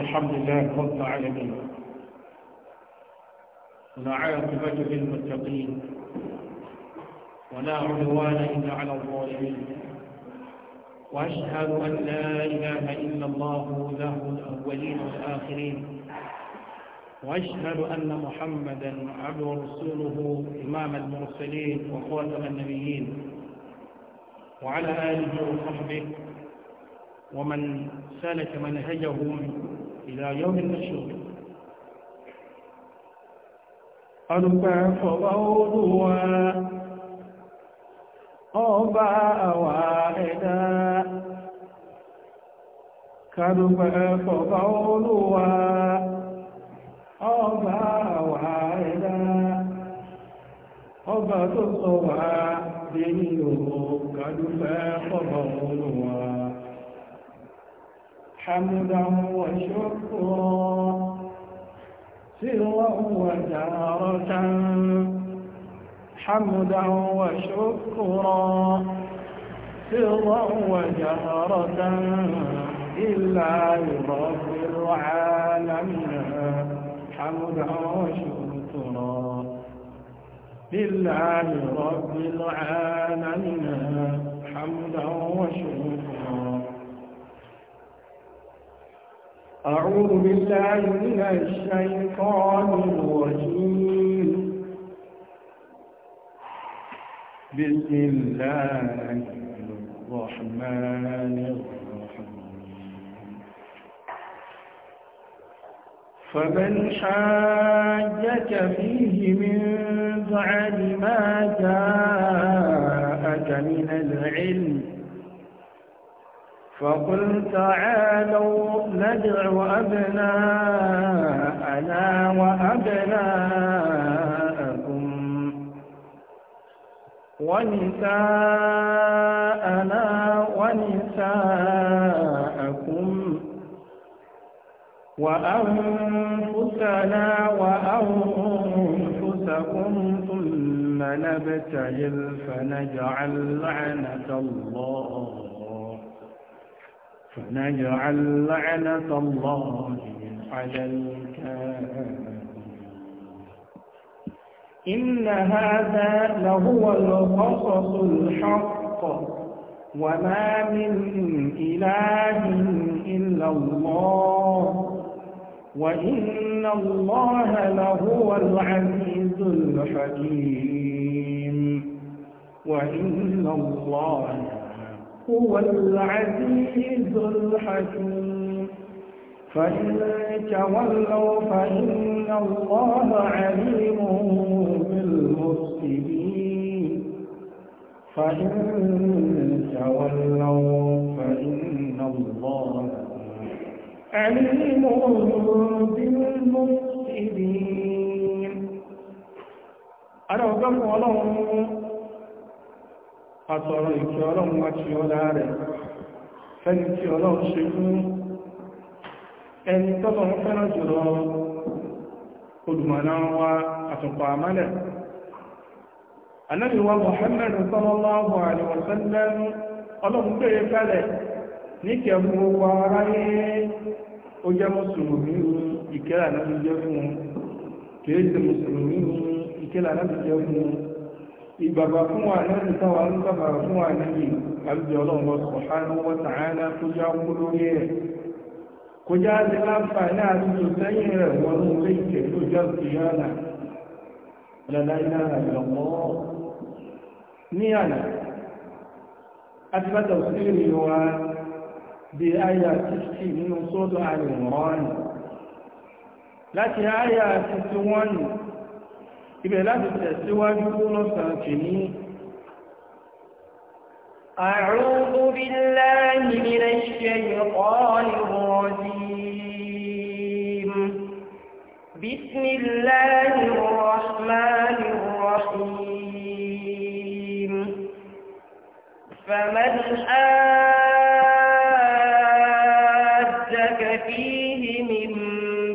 الحمد لله رب العالمين عاقبة للمتقين ولا عدوان إلا على الظالمين وأشهد أن لا إله إلا الله له الأولين والآخرين وأشهد أن محمدا عبد ورسوله إمام المرسلين وخاتم النبيين وعلى آله وصحبه ومن سلك منهجهم ìlà yọ́mí lọ́ṣọ́ ọdúnpẹ́ fọ́bá olúwa ọba àwà ẹ̀dá kàdùnpẹ́ fọ́bá olúwa ọba àwà ẹ̀dá ọba tó sọ wà dé nílò kàdùnpẹ́ fọ́bá olúwa حمدا وشكرا سرا وجارة حمدا وشكرا سرا وجهرة إلا رب العالمين حمدا وشكرا لله رب العالمين حمدا وشكرا أعوذ بالله من الشيطان الرجيم بسم الله الرحمن الرحيم فمن حاجك فيه من بعد ما جاءك من العلم فقل تعالوا ندع أبناءنا وأبناءكم ونساءنا ونساءكم وأنفسنا وأنفسكم ثم نبتهل فنجعل لعنة الله فنجعل لعنة الله على الكافرين إن هذا لهو القصص الحق وما من إله إلا الله وإن الله لهو العزيز الحكيم وإن الله هو العزيز الحكيم فإن تولوا فإن الله عليم بالمفسدين فإن تولوا فإن الله عليم بالمفسدين أنا أقول àtọ̀rọ̀ ìkẹ́ ọlọ́run wá ti ọlá rẹ̀ fẹ́ni tí ọlọ́run ṣe fún ẹni tọ́lọ̀ ń fẹ́ràn jùlọ olùmọ̀nà wa àtùpà àmálẹ̀ anábìwá Muhammad sallallahu alaihi ọlọ́run ìgbàgbà fún wa náà ní táwa ń gbàgbà fún wa náà yìí àbíjọ ọlọ́run subhanahu wa ta'ala kó já kú lórí ẹ̀ kó já sí láǹfààní àtúntò sẹ́yìn rẹ̀ wọnú ilé ìkẹ́ tó já sí yánà lọ́láyà ìlọ́mọ́ ibẹ̀ láti tẹ̀síwájú lọ́sàn kìíní أعوذ بالله من الشيطان الرجيم بسم الله الرحمن الرحيم فمن آدك فيه من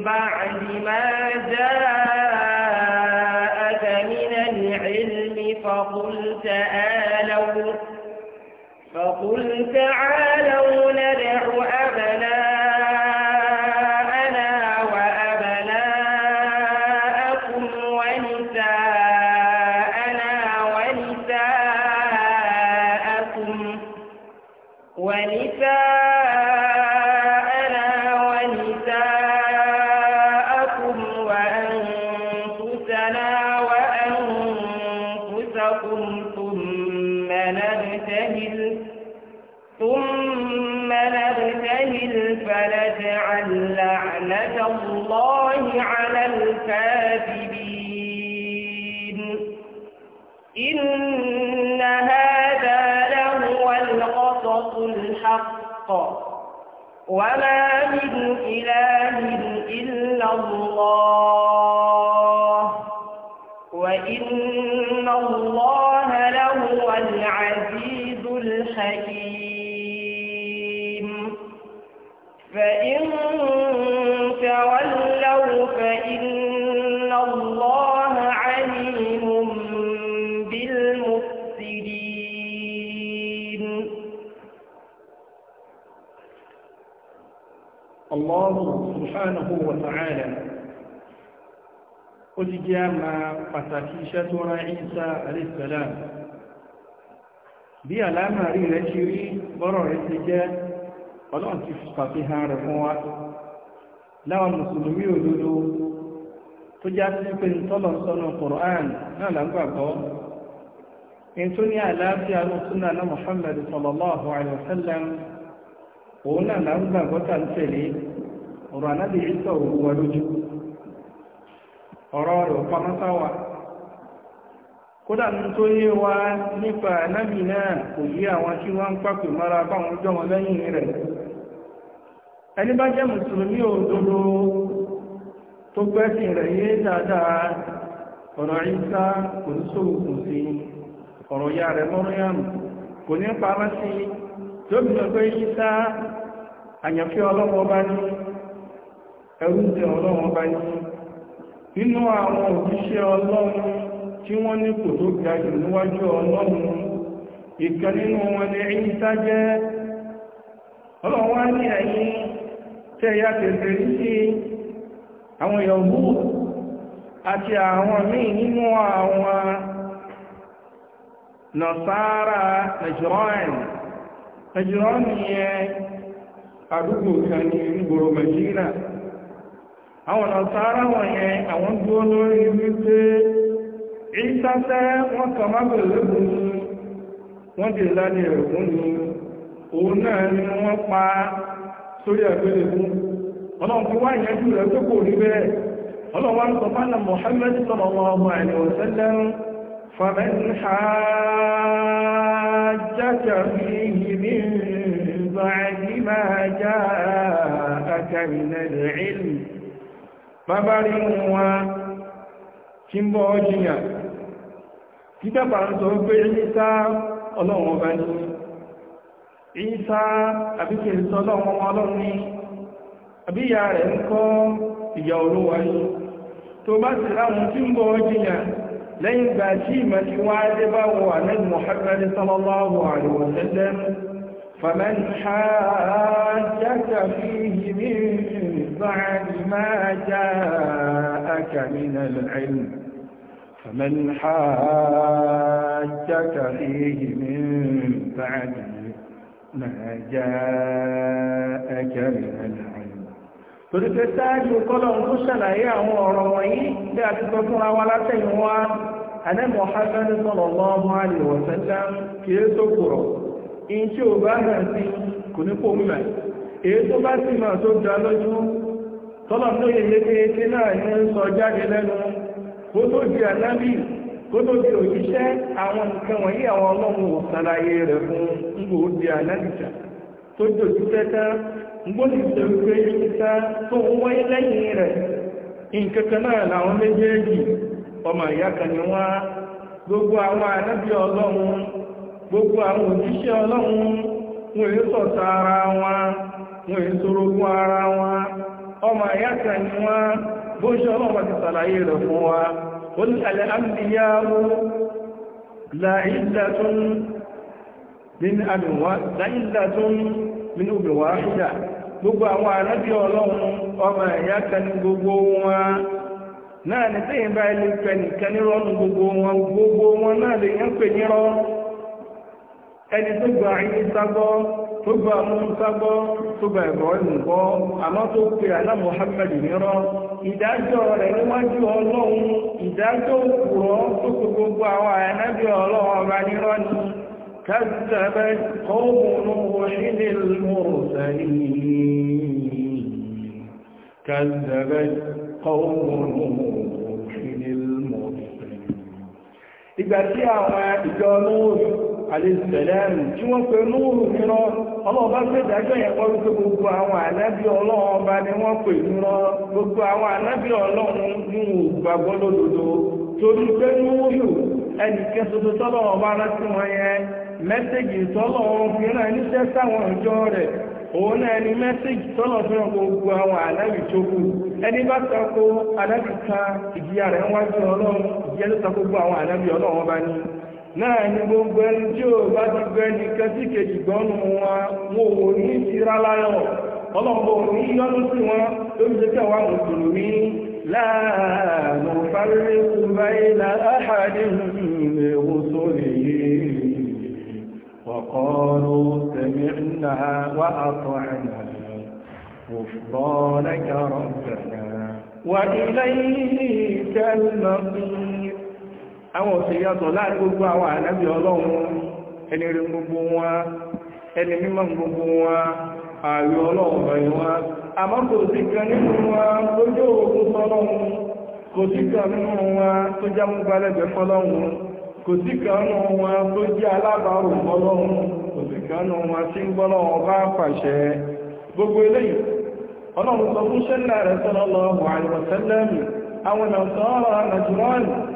بعد ما جاء tí a máa pàtàkì iṣẹ́ tó rán Ìsá alayhisalam bí àlámàrí rẹ̀ ṣe rí bọ́rọ̀ rẹ̀ ti jẹ́ ọlọ́run ti pàfihàn rẹ̀ fún wa láwọn mùsùlùmí òdodo tó já sí pé tọ́lọ̀ sọ́nà Qur'an náà lágbàgbọ́ in tó ní àlàáfíà ló súnà náà Muhammad sallallahu alaihi wasallam òun náà lágbàgbọ́ tà tẹ̀lé ọ̀rọ̀ ànábì Ìsá òwúwa ọ̀rọ̀ rẹ̀ pamọ́ tó yé wa nípa ànábì náà kò yí àwọn tí wọ́n ń pàpè mọ́ra báwọn jọ wọn lẹ́yìn rẹ̀ ẹni bá jẹ́ mùsùlùmí tó gbẹ́sìn rẹ̀ yé dáadáa ọ̀rọ̀ ìsá kò ní sóògùn sí ọ̀rọ̀ ya rẹ̀ kò ní pamọ́ sí lóbìnrin ìsá àyànfẹ́ ọlọ́wọ́ bá ní ẹrú ń ọlọ́wọ́ bá ní nínú àwọn òjíṣẹ́ ọlọ́run tí wọ́n ní kò tó ga jù níwájú ọlọ́run ìkan nínú wọn ni ẹ̀yìn sájẹ́ ọlọ́run ní ẹ̀yìn tẹ́ ya tẹ̀sẹ̀ rí sí àwọn yọ̀bú àti àwọn míì nínú àwọn nọ̀sára nàìjíríàn nàìjíríàn ni ẹ àdúgbò kan ní àwọn ọ̀sára wọ̀nyẹn àwọn dúó lórí wípé ìsáṣẹ́ wọ́n kàn má bèèrè wọ́n dè láti ẹ̀kún òun náà ni wọ́n pa sórí ẹ̀gbẹ̀rẹ̀ ọlọ́run fi wá ìyẹ́jú rẹ̀ tó kò rí min bàbá rí wọn tí ń bọ́ jiyàn títàbà ọlọ́run ọba ní ìsá àbíkẹ̀ ìsọ ọlọ́run ọlọ́run ní to rẹ̀ ń kọ́ ìyà olówà ní tó bá sì láwọn tí ń lẹ́yìn gbà Muhammad فمن حاجك فيه من بعد ما جاءك من العلم فمن حاجك فيه من بعد ما جاءك من العلم torípé sáájú kọ́lọ̀ ń tó ṣàlàyé àwọn ọ̀rọ̀ wọ̀nyí bí a ti sọ fúnra wa látẹ̀yìnwá anẹ́mọ̀ hassan sọ̀rọ̀ lọ́wọ́ àlèwọ̀sẹ́lá kìí tó kùrọ̀ in ṣe o bá náà sí kò ní kó mímẹ̀ èyí tó bá sì máa tó dá lójú tọ́lọ̀ tó yẹ lékeke náà ní sọ jáde lẹ́nu kó tó di ànábì kó tó di òṣìṣẹ́ àwọn nǹkan wọ̀nyí àwọn ọlọ́run ò rẹ̀ fún ngbò di ànábì tó di òṣìṣẹ́ ní ìṣẹ́ tó ń wáyé lẹ́yìn rẹ̀ nǹkan ọmọ ìyá kan ni gbogbo àwọn gbogbo àwọn òjíṣẹ́ ọlọ́run wọn èé sọ̀tà ara wọn wọn èé ara wọn ọmọ àyàkà ni wọn bó ṣe ọlọ́run ti sàlàyé rẹ̀ fún wa ó ní alẹ́ àmìyàwó láìdàtún nínú obìnwà ìjà gbogbo àwọn àrábí ọlọ́run ọmọ àyàkà ni gbogbo wọn náà ní tẹ́yìnbá ilé gbogbo wọn gbogbo wọn náà lè ẹni tó gba ayé sábọ́ tó gba amúhùn sábọ́ tó gba ẹ̀rọ ìmùkọ́ àmọ́ tó pe àná Muhammad nírọ́ ìdájọ́ rẹ̀ níwájú ọlọ́run ìdájọ́ òkúrọ́ tó kó gbogbo àwọn àyànábì ọlọ́run ọba nírọ́ ni كذبت قوم نوح المرسلين كذبت قوم نوح المرسلين إذا كان ìjọ lóòrùn àlèsẹ̀lẹ́rù tí wọ́n pe núrù nírọ́ ọlọ́ọ̀bá gbẹ̀dájọ́ yẹn kọ́ wípé gbogbo àwọn ànábì ọlọ́run ni wọ́n gbogbo àwọn ànábì ọlọ́run ní torí pé ẹnì tọ́lọ̀ ọba rántí wọn yẹn mẹ́sẹ̀gì tọ́lọ̀ sáwọn ìjọ rẹ̀ òun náà ni mẹ́sẹ̀gì tọ́lọ̀ náà ni gbogbo ẹni tí ó bá ti gbé nìkan sí kejì gbọ́nù wọn wọn ò ní ìsira láyọ̀ ọlọ́pọ̀ ní yọ́nú sí wọn tó ń jẹ́ tẹ̀wá mùsùlùmí láàánú fárí ìgbà ilà áhàdì ìwòsó èyí وقالوا سمعنا وأطعنا غفرانك ربنا وإليك المصير àwọn òsè yàtọ̀ láàrin gbogbo àwọn ànábì ọlọ́run ẹni gbogbo wọn ẹni gbogbo wọn ààrẹ ọlọ́run bẹ̀rẹ̀ wọn àmọ́ sí kan nínú wọn tó jẹ́ òògùn fọlọ́run kò sí kan nínú wọn tó jẹ́ amúgbálẹ́gbẹ̀ fọlọ́run kò sí kan nínú wọn tó jẹ́ kò sí kan nínú wọn tí ń bá pàṣẹ gbogbo eléyìí ọlọ́run sọ fún rẹ̀ àwọn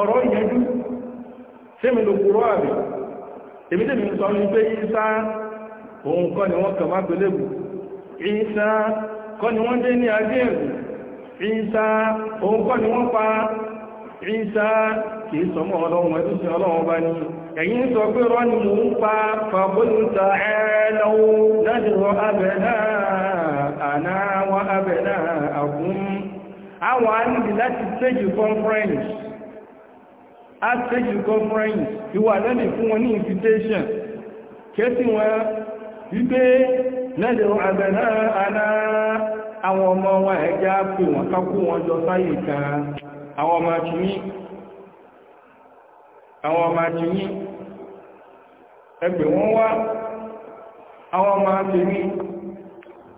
ọ̀rọ̀ ìyẹjú sẹ́mi ló kúrọ́ àbí èmi tẹ́mi sọ ní pé ìsá òun kọ́ ni wọ́n kà má gbélébù ìsá kọ́ ni wọ́n dé ní adé ẹ̀rù ìsá òun kọ́ ni wọ́n pa ìsá kìí sọmọ́ ọlọ́run ẹ̀tún sí ọlọ́run bá ní ẹ̀yìn sọ láti rọ abẹ̀lá àná wọn outreach conference ti wà lẹ́nì fún wọn ní invitation kẹsì wọn wípé lẹ́dẹ̀ àgbẹ̀nà àná àwọn ọmọ wọn ẹ̀já pè wọn kákú wọn jọ sáyè kan àwọn ọmọ àtìyí àwọn ọmọ àtìyí ẹgbẹ̀ wọn wá àwọn ọmọ àtìyí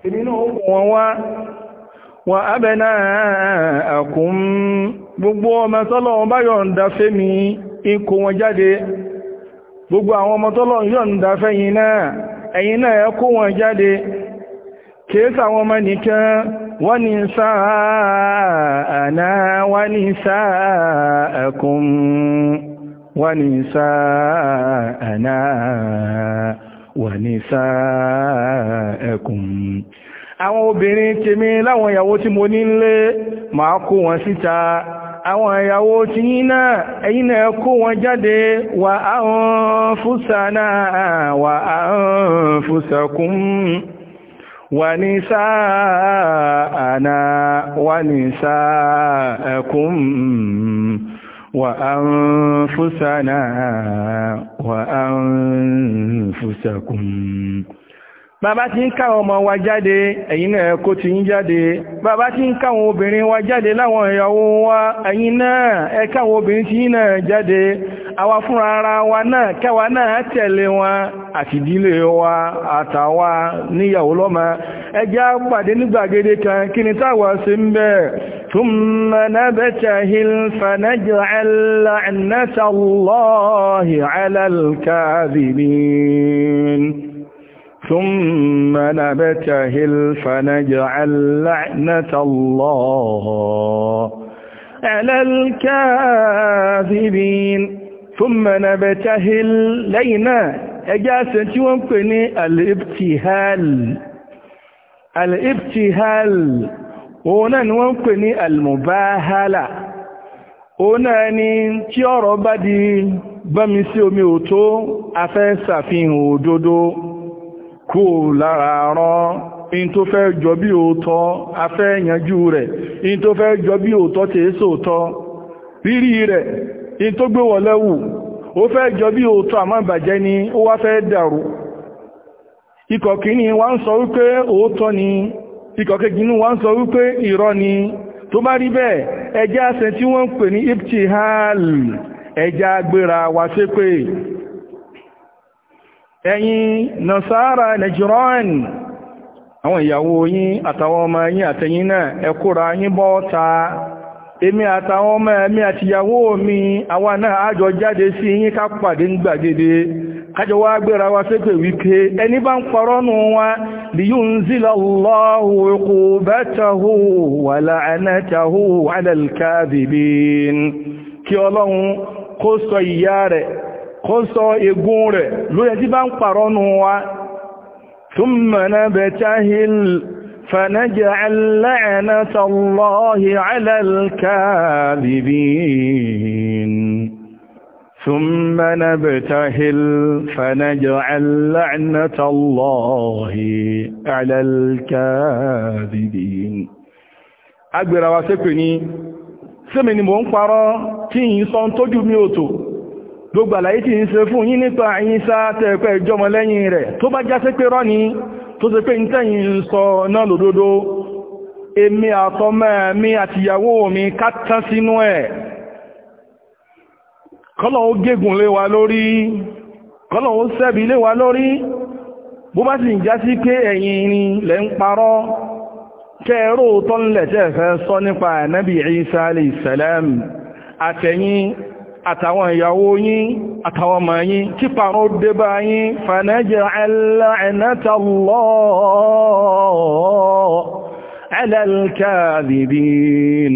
èmi ó wọ́n wá gbogbo ọmọ tọ́lọ́run bá yọ̀ǹda fẹ́mi ikò wọn jáde gbogbo àwọn ọmọ náà ẹ̀yin náà ẹ wọn jáde kèésà àwọn ọmọ nìkan wọ́n ní àná wọ́n sáàkùn wọ́n àwọn obìnrin tèmi láwọn ìyàwó tí mo wọn síta àwọn ìyàwó tí yí náà ẹ̀yin náà kó wọn jáde wà áhùn fúsà náà wà áhùn fúsàkún wà ní sáàánà wà ní sáàkún wà áhùn fúsà náà wà áhùn fúsàkún bàbá ti ń káwọn ọmọ wa jáde náà ti yín jáde bàbá ti ń káwọn obìnrin wa jáde láwọn ìyàwó wa náà obìnrin ti náà jáde fúnra ara wa náà káwa náà tẹ̀lé wọn àti wa àtàwà níyàwó lọ́mọ ẹ pàdé ní gbàgede kan kí ni táwa ṣe ń bẹ̀ ثم نبتهل فنجعل لعنة الله على الكاذبين ثم نبتهل لينا أجاسة ومكني الابتهال الابتهال ونن ومكني المباهلة ونني تيارو بدي بمسيو ميوتو افنسا فيه omi kú lára rán in tó fẹ́ jọ bí òótọ́ afẹ́ rẹ̀ in tó fẹ́ jọ bí òótọ́ tí é sóòtọ́ rírí rẹ̀ in tó gbé wọ lẹ́wù ó fẹ́ jọ bí òótọ́ àmọ́ ìbàjẹ́ ni ó wá fẹ́ dàrú ikọ̀ wá ń sọ wípé òótọ́ ni wá ń sọ wípé ni tó bá rí bẹ́ẹ̀ ẹjẹ́ wọ́n ń pè ní ẹjẹ́ agbéra ẹ̀yin nasara najiran àwọn ìyàwó yín àtàwọn ọmọ yín àtẹ̀yìn náà ẹ kóra yín bọ́ta èmi àtàwọn ọmọ ẹ̀mí àtìyàwó mi àwa náà àjọ jáde sí yín ká pàdé ń gbàgede kájọ wá gbéra wá ṣépè wípé ẹni bá ń parọ́ nù wá liyunzila Allahu uqubatahu wa la'anatahu kó sọ ègún rẹ̀ lóyẹ tí bá ń pàrọnù wa thumma nabtahil fanaj'al la'nata Allahi 'ala al-kadhibin ثم نبتهل فنجعل لعنة الله على الكاذبين agbèrè àwọn sépè ní sẹ́mì ni mò ń gbogbo àlàyé tí ń ṣe fún yín nípa àyín sáàtẹ̀ pẹ́ ìjọmọ lẹ́yìn rẹ̀ tó bá já sí pé rọ́ ní tó ṣe pé ìtẹ́yìn ń sọ náà lòdodo èmi àtọmọ́ mi àtìyàwó mi kátán sínú ẹ̀ kọ́lọ̀ ó gégùn lé wa lórí àtàwọn ìyàwó yín àtàwọn ọmọ yín kí parun dé bá yín fanaj'al la'natallahi 'ala al-kadhibin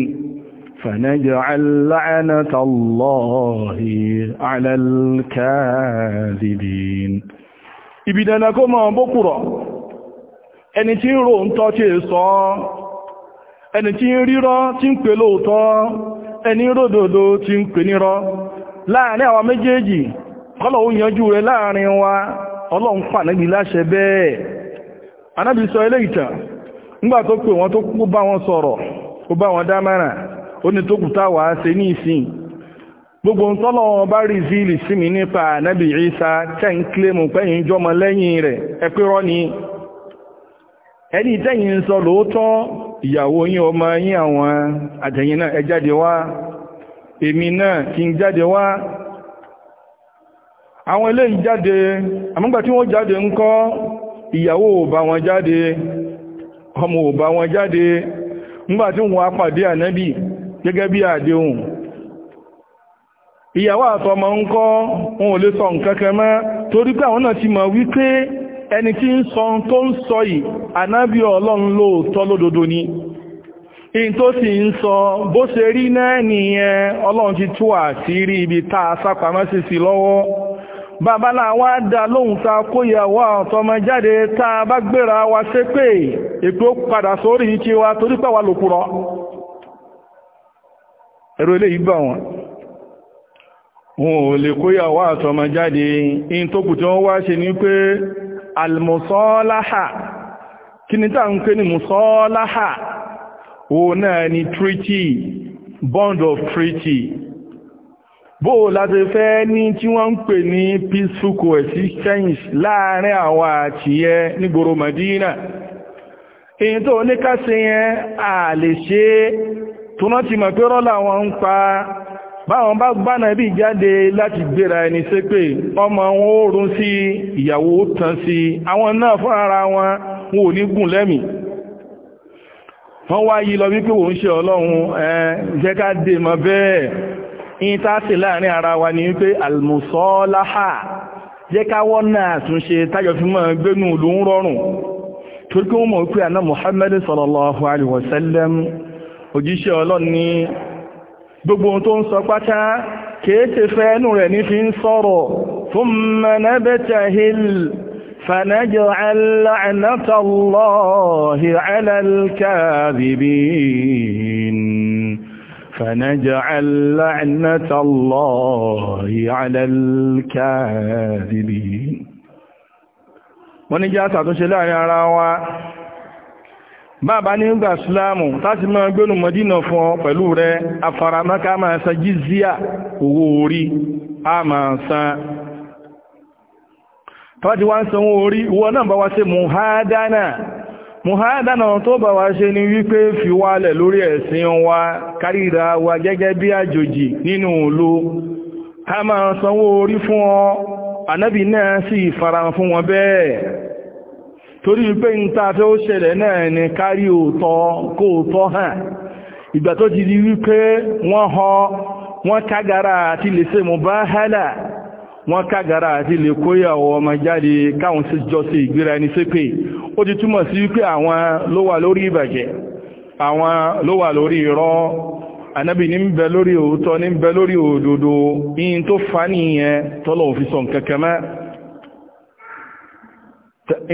fanaj'al la'natallahi 'ala al-kadhibin ìbìdànà kó mọ̀ bókùrọ̀ ẹni tí ń rò ń tọ́ tí è sọ ẹni tí ń rírọ́ tí ń pè lóòtọ́ ẹni ròdòdó ti ń pè nírọ́ láàrin àwọn méjèèjì kọ́lọ̀ ó yanjú láàrin wa ọlọ́run fà náà láṣẹ bẹ́ẹ̀ anábì sọ ilé ìtàn nígbà tó pè wọ́n tó kú bá wọn sọ̀rọ̀ ó bá wọn dámàrà ó ní tó kù táwà ṣe ní ìsìn gbogbo ń tọ́lọ̀ bá rí sí mi nípa anábì tẹ́ ń rẹ̀ ẹni tẹ́yìn sọ lóòótọ́ ìyàwó yín ọmọ yí àwọn àtẹ̀yìn náà ẹ jáde wá èmi náà kí ń jáde wá àwọn eléyìí jáde àmúgbà tí wọ́n jáde ń kọ́ ìyàwó òbá wọn jáde ọmọ òbá wọn jáde tí sọ nǹkan torí pé àwọn náà ti mọ̀ ẹni tí ń sọ tó ń sọ yìí ànábì ọlọ́run lóòótọ́ lódodo ni in tó sì ń sọ bó ṣe rí náà nìyẹn ọlọ́run ti tú rí ibi tá a sápamọ́ sí sí lọ́wọ́ babalá wa dá lóhùn ta kóyàwó àtọmọ jáde tá a bá gbéra wa ṣépè èpè ó padà sórí ìkí wa torí pé wa lòkúrọ ẹ̀rọ eléyìí bá wọn wọn ò lè kóyàwó àtọmọ jáde in tó kù tí wọ́n wá ṣe ní pé almusọ́láhà kí ni tá ń pè ní musọ́láhà ni treaty bond of treaty bó láti fẹ́ ní tí wọ́n ń pè ní peaceful coexistence láàrin àwọn àti yẹ nígboro Madina èyí tó oníkàsí yẹn a lè ṣe tó náà ti mọ̀ pé rọ́lá wọn ń pa báwọn bá gbánà bí jáde láti gbéra ẹni sí pé ọmọ wọn ó rún sí ìyàwó tán sí àwọn náà fún ara wọn wọn ò ní gùn lẹ́mì wọ́n wá yí lọ wípé òun ṣe ọlọ́run ẹ jẹ́ ká dè mọ́ bẹ́ẹ̀ in tá sì láàrin ara wa ni wípé almusalaha jẹ́ ká wọ́n náà tún ṣe tájọ fi mọ́ gbénú ló ń rọrùn torí kí wọ́n mọ̀ pé àná Muhammad sallallahu alaihi wasallam òjíṣẹ́ ọlọ́run ní gbogbo tó ń sọ pátá kèése ẹnu rẹ̀ ní fi ń sọ̀rọ̀ thumma nabtahil fanaj'al la'natallahi 'ala al-kadhibin فنجعل لعنة الله على الكاذبين ونجاة تشلع يا رواء bàbá ní gbà sílámù láti máa gbénu mọ̀dínà fún ọ pẹ̀lú rẹ afaramáká máa san jízíà owó orí a máa san tọ́wàtí wá ń sanwó orí wọ́n náà bá wá sí muhádánà muhádánà tó bá wá ṣe ni wípé fi wálẹ̀ lórí ẹ̀sìn wa kárìíra wa gẹ́gẹ́ bí àjòjì nínú ìlú a máa sanwó orí fún ọ ànábì náà sì fara fún wọn bẹ́ẹ̀ torí pé ń ta tó ṣẹlẹ̀ náà ni kárí òótọ́ kó ha hàn ìgbà tó ti di wípé wọ́n họ wọ́n kágara àti lè ṣe mùbáhálà wọ́n kágara àti lè kóyàwó ọmọ jáde káwọn sí jọ sí ìgbéra ẹni ṣépè ó ti túmọ̀ sí wípé àwọn ló wà lórí ìbàjẹ́ àwọn ló wà lórí ní bẹ lórí òótọ́ ní fa nìyẹn tọ́lọ̀ òfin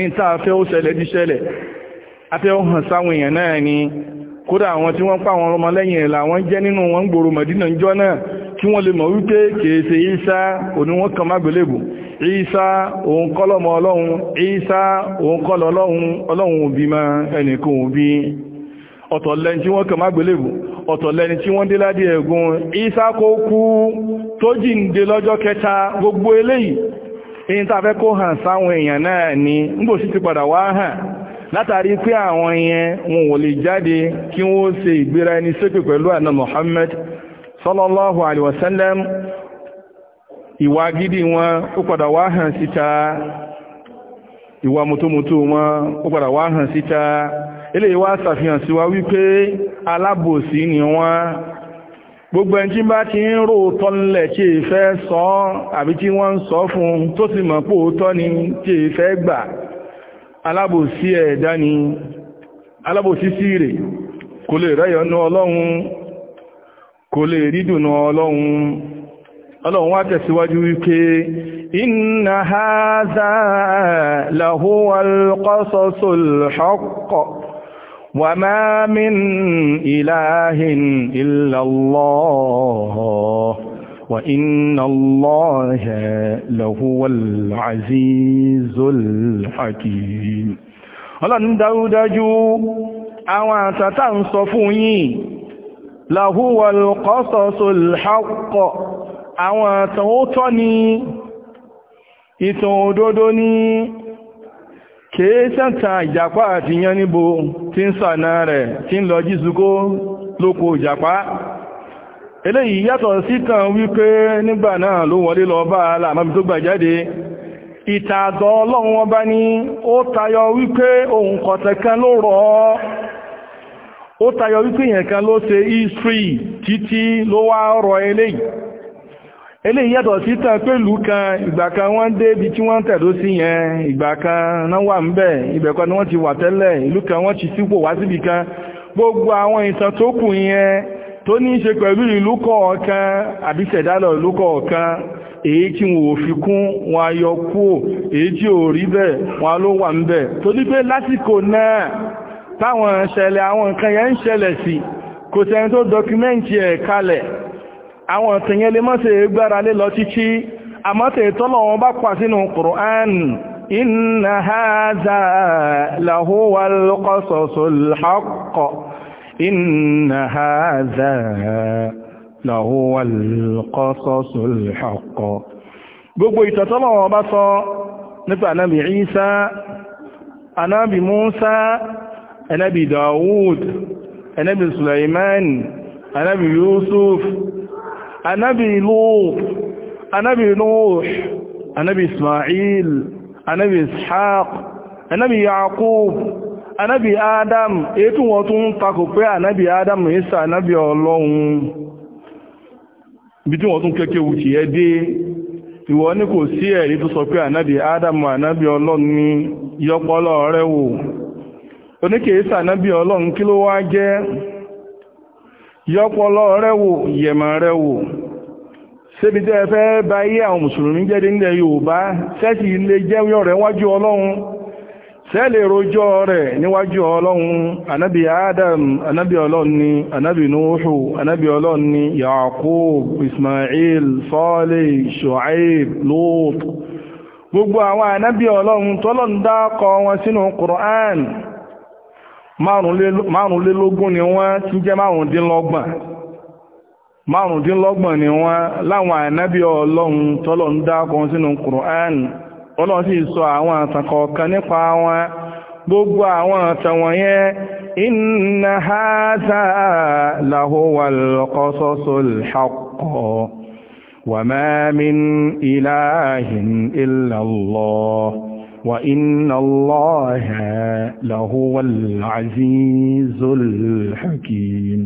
in ta fẹ́ ó ṣẹlẹ̀ bí ṣẹlẹ̀ afẹ́ ó hàn sáwọn èèyàn náà ni kódà àwọn tí wọ́n pa àwọn ọmọ lẹ́yìn ẹ̀là wọ́n jẹ́ nínú wọn gbòrò Mẹ̀dínà jọ náà kí wọ́n lè mọ̀ wípé kèèsè Ìsá òní wọ́n kàn mágbélébù Ìsá òun kọ́lọ́mọ ọlọ́run Ìsá òun kọ́lọ ọlọ́run ọlọ́run òbí ma ẹnìkan òbí ọ̀tọ̀ lẹ́ni tí wọ́n kàn mágbélébù ọ̀tọ̀ lẹ́ni tí wọ́n déládé ẹ̀gùn Ìsá kó kú tó jíǹde lọ́jọ́ kẹta gbogbo eléyìí èyí tàbẹ́ kó hàn sáwọn èèyàn náà ni ngbò sí ti padà wá hàn látàrí pé àwọn wọn ò lè jáde kí wọ́n se ìgbéra ẹni pẹ̀lú Muhammad sallallahu alaihi wasallam ìwà gidi wọn ó padà wá hàn síta ìwà mutumutu wọn ó padà wá hàn síta gbogbo ẹni tí bá ti ń rò tọ́lẹ̀ tí è fẹ́ sọ àbí tí wọ́n ń sọ fún tó sì mọ̀ pò tọ́ ni tí è fẹ́ gbà alábòsí ẹ̀dá ni alábòsí sí rẹ̀ kò lè rẹ́yọnú ọlọ́run kò lè rídùnú ọlọ́run ọlọ́run wá tẹ̀síwájú wípé inna haza وما من إله إلا الله وإن الله لهو العزيز الحكيم ألن دودجو أوات تنصفني لهو القصص الحق أوات أوتني إتو دودني kèé sẹ́ntàn ìjàpá àti yan níbo tí ń na rẹ̀ tí ń lọ jízugó lóko ìjàpá eléyìí yàtọ̀ wípé nígbà náà ló wọlé lọ bá aláàmọ́bí tó gbà jáde ìtàgọ́ ọlọ́run bá ní ó tayọ wípé ló rọ eléyìí yàtọ̀ sí tàn pẹ̀lú kan ìgbà kan wọ́n dé ibi tí wọ́n tẹ̀dó sí yẹn ìgbà kan náà wà ń bẹ̀ ibẹ̀ ni wọ́n ti wà tẹ́lẹ̀ ìlú kan wọ́n ti sípò wá síbi kan gbogbo àwọn ìtàn tó kù yẹn tó ní í ṣe pẹ̀lú ìlú kọ̀ọ̀kan àbí ṣẹ̀dálọ̀ ìlú kọ̀ọ̀kan èyí tí wọ́n ò fi kún wọn ayọ kúò èyí tí ò rí bẹ́ẹ̀ wọn ló wà ń bẹ̀ tó ní pé lásìkò náà táwọn ìṣẹ̀lẹ̀ àwọn nǹkan yẹn ń ṣẹlẹ̀ sí kò sẹ́ni tó dọkúmẹ́ǹtì ẹ̀ kalẹ̀ àwọn ọ̀tẹ̀yẹn lè mọ́sẹ̀ gbára lé lọ títí àmọ́tẹ̀ tọ́lọ̀ wọn bá pa sínú Qur'an inna haza lahuwa al-qasasul haqq inna haza lahuwa al-qasasul haqq gbogbo ìtọ̀tọ́lọ̀ wọn bá sọ nípa anábì Isa anábì Musa anábì Dawud anábì Sulaiman anábì Yusuf anabi lut anabi nuh anabi ismail anabi ishaq anabi yaqub anabi adam ètò wọn tún ń takò pé anabi adam isa anabi ọlọ́run bí tí wọ́n tún kékeré wùtì ẹ dé ìwọ ní kò sí ẹ̀rí tó sọ pé ànábì ádámù ànábì ọlọ́run ní yọpọlọ rẹ̀ wò oníkèésà ànábì ọlọ́run kí ló wá jẹ́ yọpọlọ rẹ wò yẹ̀mọ̀ rẹ wò ṣébi tẹ́ ẹ fẹ́ bà iye àwọn mùsùlùmí jẹ́ dé nílẹ̀ yorùbá sẹ́sì ilé jẹ́wọ́ rẹ̀ wájú ọlọ́run sẹ́lẹ̀ rojọ́ rẹ̀ níwájú ọlọ́run Anabi adam Anabi ọlọ́run Anabi nuhu Anabi ọlọ́run ismail Fole, shu'aib lut gbogbo àwọn ọlọ́run tọ́lọ́ márùnlélógún ni wọ́n tí jẹ́ márùndínlọ́gbọ̀n márùndínlọ́gbọ̀n ni wọn láwọn ànábí ọlọ́run tọ́lọ̀ ń dákọ̀ sínú Kùránì ọlọ́run sì sọ àwọn àtàkọ̀ọ̀kan nípa wọn gbogbo àwọn àtàwọn yẹn inna hadha lahuwal qasasul haqq wa ma min ilahin illa وَإِنَّ اللَّهَ لهو الْعَزِيزُ الْحَكِيمُ.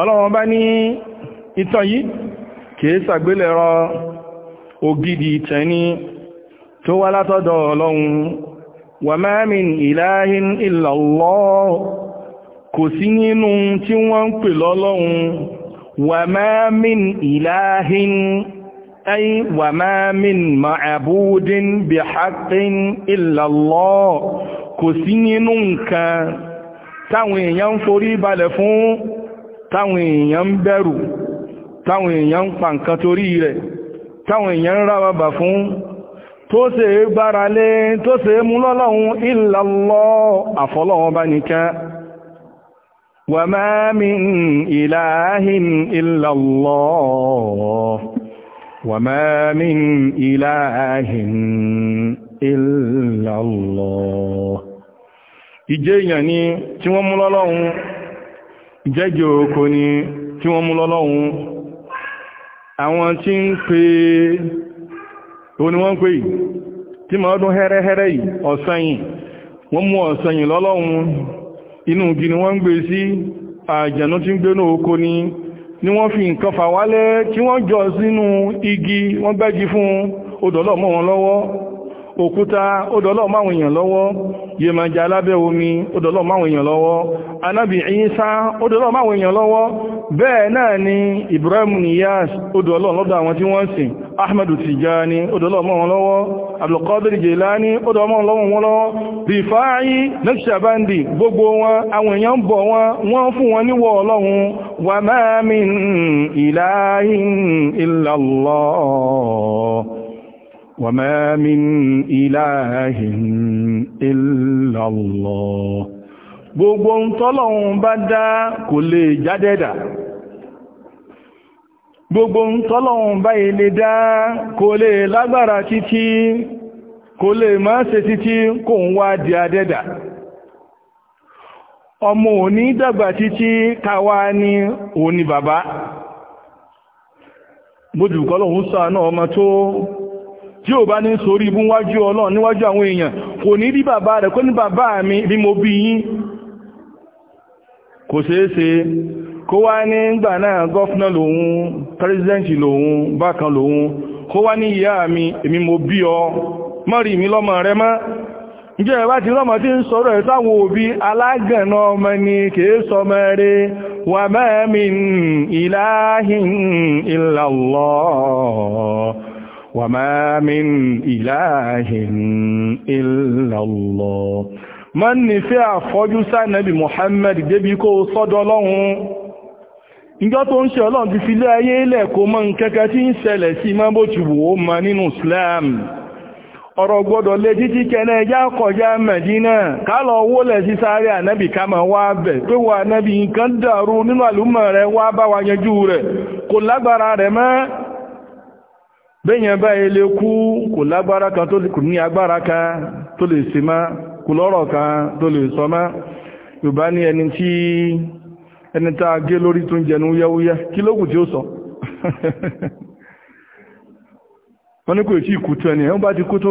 ọlọ́wọ́n bá ní ìtàn yìí kìí sàgbélẹ̀rọ ògidì ìtẹ̀ni tó wá látọ́dọ̀ ọlọ́run wà máa min ìláhín ìlàlọ́ kò sí nínú tí wọ́n ń pè lọ́lọ́run wà máa min ìláhín أي وما من معبود بحق إلا الله kò sí nínú nǹkan táwọn èèyàn ń forí balẹ̀ fún táwọn èèyàn ń bẹ̀rù táwọn èèyàn ń pa nǹkan torí rẹ̀ táwọn èèyàn ń rábàbà fún tó ṣe é gbára lé tó ṣe é mú lọ́lọ́run إلا الله àfọlọ́wọ́n bá nìkan وما من إله إلا الله وما من إله إلا الله Ije èèyàn ni tí wọ́n mú lọ́lọ́run ìjẹ́jẹ́ oko ni tí wọ́n mú lọ́lọ́run àwọn tí ń ni wọ́n ma wọ́n mú inú ni wọ́n fi nǹkan fà wálẹ̀ tí wọ́n jọ sínú igi wọ́n gbẹ́gi fún odòlọ́mọ́ wọn lọ́wọ́ òkúta odọ́lọ́ máwọn èèyàn lọ́wọ́ lọwọ alábẹ́ omi odọ́lọ́ máwọn èèyàn lọ́wọ́ anábì lọwọ odọ́lọ́ èèyàn lọ́wọ́ bẹ́ẹ̀ náà ni Ibrahim Niyas odọ́lọ́ Tijani odọ́lọ́ máwọn lọ́wọ́ Abdulkadir Jelani odọ́lọ́ máwọn lọ́wọ́ Rifai Naqshbandi gbogbo wọn àwọn wọ́n وما من إله إلا الله gbogbo ń tọ́lọ̀un bá dá kò lè jádẹ́dà gbogbo ń tọ́lọ̀un bá ilé dá kò lè lágbára títí kò lè má ṣe títí kò ń wá di adẹ́dà ọmọ òní dàgbà títí káwá ní òní bàbá gbójúkọ́lọ̀un sọ náà ọmọ tó tí ò bá ní sórí ibú wájú ọlọ́run níwájú àwọn èèyàn kò ní rí bàbá rẹ̀ kó ní bàbá mi bí mo bí yín kò ṣeéṣe kó wá ní ìgbà náà gọ́fúnà lòun pẹ́rẹsidẹ́ntì lòun bákan lòun kó wá ní ìyá mi èmi mo bí ọ mọ́rí mi lọ́mọ rẹ mọ́ ǹjẹ́ ẹ̀wá ti lọ́mọ tí ń sọ̀rọ̀ ẹ̀ sáwọn òbí ọmọ ni kìí rẹ wà وما من إله إلا الله من نفع àfọ́jú sáànàbì محمد débi kó sọ́dọ̀ ọlọ́run ìjọ tó ń ṣe ọlọ́run ti filé ayé ilẹ̀ kó mọ́ nkẹ́kẹ́ tí ń ṣẹlẹ̀ sí mọ́ bó ti wò ó ma nínú Islam ọ̀rọ̀ gbọ́dọ̀ lé títí kẹ́nẹ́ ẹjá kọjá Mẹ̀dínà kálọ̀ owó lẹ̀ sí sáré ànábì kama wá bẹ̀ pé wà ànábì nǹkan dàrú nínú àlúmọ̀ rẹ̀ wá bá wa yanjú rẹ̀ kò lágbára rẹ̀ mọ́ bẹ́yàn bá ilé kú kò lágbára kan tó kò ní agbára kan tó lè sí má kò lọ́rọ̀ kan tó lè sọ má bá ní ẹni tí ẹni tá a gé lórí tún jẹnu yẹ́wúyẹ́ kí ló kù tí ó sọ wọ́n ní kò tí kú tó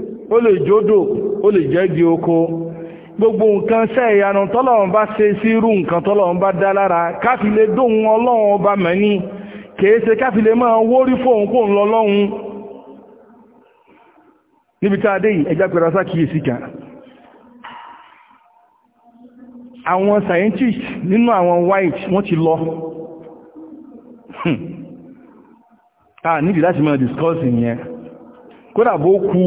ó lè jódò ó lè jẹ́gi oko gbogbo nǹkan ṣẹ́ ìyanu tọ́lọ́run bá ṣe sí irú nǹkan tọ́lọ́run bá dá lára káfí lè dóhun ọlọ́run ọba mẹ́ni kìí ṣe káfí lè máa wórí fóun kó ń lọ lọ́hun níbi tá a dé yìí ẹjá pẹ̀rọ sákìyèsí kan àwọn scientists nínú àwọn white wọ́n ti lọ hmm. a níbi láti máa discuss ìyẹn kódà bó kú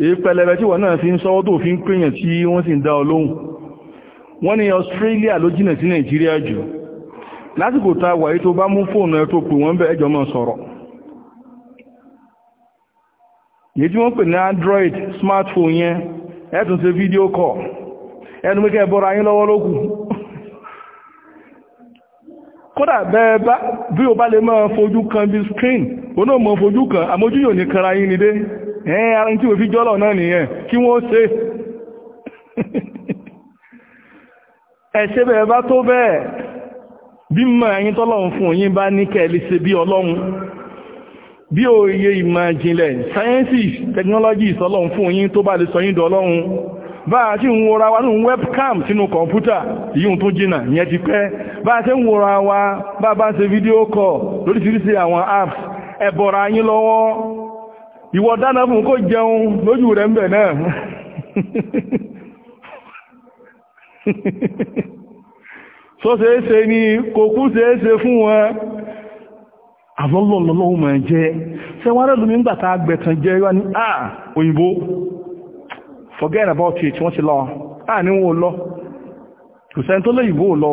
èyí pẹlẹbẹ tí wọ́n náà fi ń sọ́wọ́ tó fi ń pèyàn tí wọ́n sì ń dá olóhùn wọ́n ní Australia ló jìnà sí Nàìjíríà jù lásìkò tá a wà yí tó bá mú fóònù ẹ tó pè wọ́n bẹ́ẹ̀ jọ máa sọ̀rọ̀ èyí tí wọ́n pè ní Android smartphone yẹn ẹ tún video call ẹnu pé kẹ́ bọ́ra yín lọ́wọ́ lókù kódà bẹ́ẹ̀ bá bí o bá lè máa fojú kan bí screen o náà mọ̀ fojú kan àmójúyò ní kara yín ni dé ẹ̀ẹ́ ara tí wò fi jọ́lọ̀ náà nìyẹn kí wọ́n ṣe ẹ̀ṣẹ́ tó bẹ́ẹ̀ bí mọ̀ fún bá ní ṣe bí ọlọ́run bí òye ìmọ̀ ìjìnlẹ̀ sáyẹ́nsì tẹkinọ́lọ́jì ìsọlọ́run fún yín tó bá lè sọ dọ́lọ́run bá a ti ń wa nínú webcam sínú kọ̀mpútà yíò tó jìnà yẹn ti pẹ́ ìwọ dáná fún kó jẹun lójú rẹ̀ ń bẹ̀ náà so ṣeéṣe ni kò kú ṣeéṣe fún wọn àlọ́lọ́lọ́lọ́wọ́ mọ̀ jẹ́ ṣe wọ́n rẹ̀ lómi ńgbàta agbẹ̀tàn jẹ́ wá ní àà òyìnbó forget about it wọ́n ti lọ àà ní wọ́n lọ kò sẹ́ni tó lóyìnbó lọ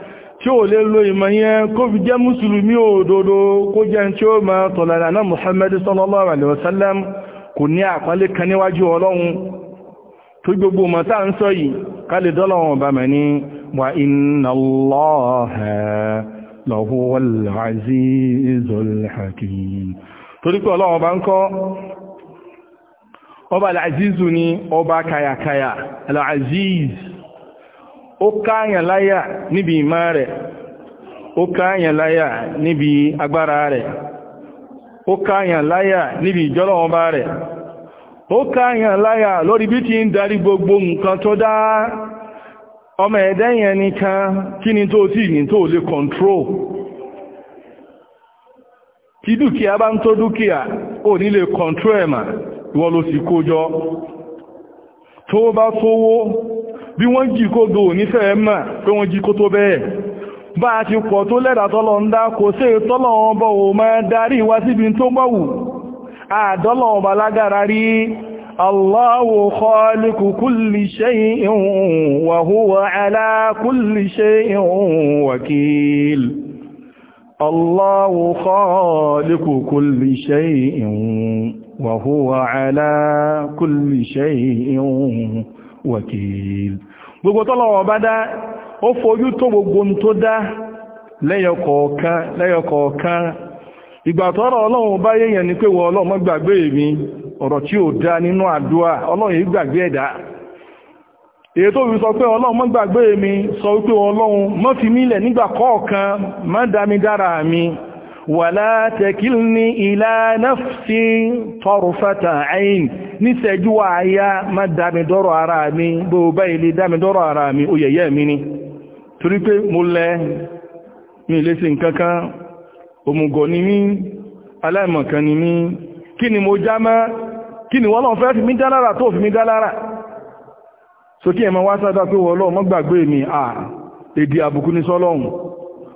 tí ó lè lo ìmọ̀ yẹn kó fi jẹ́ mùsùlùmí òdodo kó jẹ́ tí ó ma tọ̀lànà náà Muhammad sallallahu alaihi wasallam kò ní àpálẹ́ kan níwájú ọlọ́run tó gbogbo mọ̀ tá ń sọ yìí ká lè dọ́lọ́run bá mẹ́ ní inna ó káàyàn níbi ìmá rẹ̀ ó káàyàn níbi agbára rẹ̀ ó káàyàn níbi ìjọ́lọ́wọ́n bá rẹ̀ ó káàyàn lórí bí ti ń darí gbogbo nǹkan tó dá ọmọ ẹ̀dẹ́yẹn nìkan kí ni tó tí ní tó lè dúkìá bá ń tó dúkìá ò ẹ̀mà ìwọ́n ló sì kójọ tó bí wọ́n jí kó go nífẹ́ mọ̀ pé wọ́n jí kó tó bẹ́ẹ̀ bá a ti pọ̀ tó lẹ́dà tọ́lọ ń dá kò sí tọ́lọ̀ ọbọ̀ ò máa darí wá síbi tó gbọ́wù àdọ́lọ̀ ọba lágara rí Allahu khaliqu kulli shay'in wa huwa ala kulli الله خالق كل شيء وهو على كل شيء wakil gbogbo tọ́lọ̀wọ̀ bá dá ó fojú tó gbogbo tó dá lẹ́yọkọ̀ọ̀kan lẹ́yọkọ̀ọ̀kan ìgbà tọ́rọ̀ ọlọ́run bá yéèyàn ni pé wọ ọlọ́run gbàgbé mi ọ̀rọ̀ tí ò dá nínú àdúrà ọlọ́run yìí gbàgbé ẹ̀dá èyí tó fi sọ pé ọlọ́run mọ́ gbàgbé mi sọ wípé ọlọ́run mọ́ fi mílẹ̀ nígbà kọ̀ọ̀kan má dá mi dára mi wàlá tẹ̀kílní ilá náfsí tọrùfẹ́ta àyìn níṣẹ́jú àyá má dámidọ́rọ̀ ara mi bó bá ilé dámidọ́rọ̀ ara mi ó yẹ̀yẹ́ mi ni torí pé mo lẹ mi lè sí nkankan òmùgọ̀ ni mí aláìmọ̀kan ni mí kí ni mo já mọ́ kí ni wọ́n lọ́n fẹ́ fi mí dá lára tó fi mí dá lára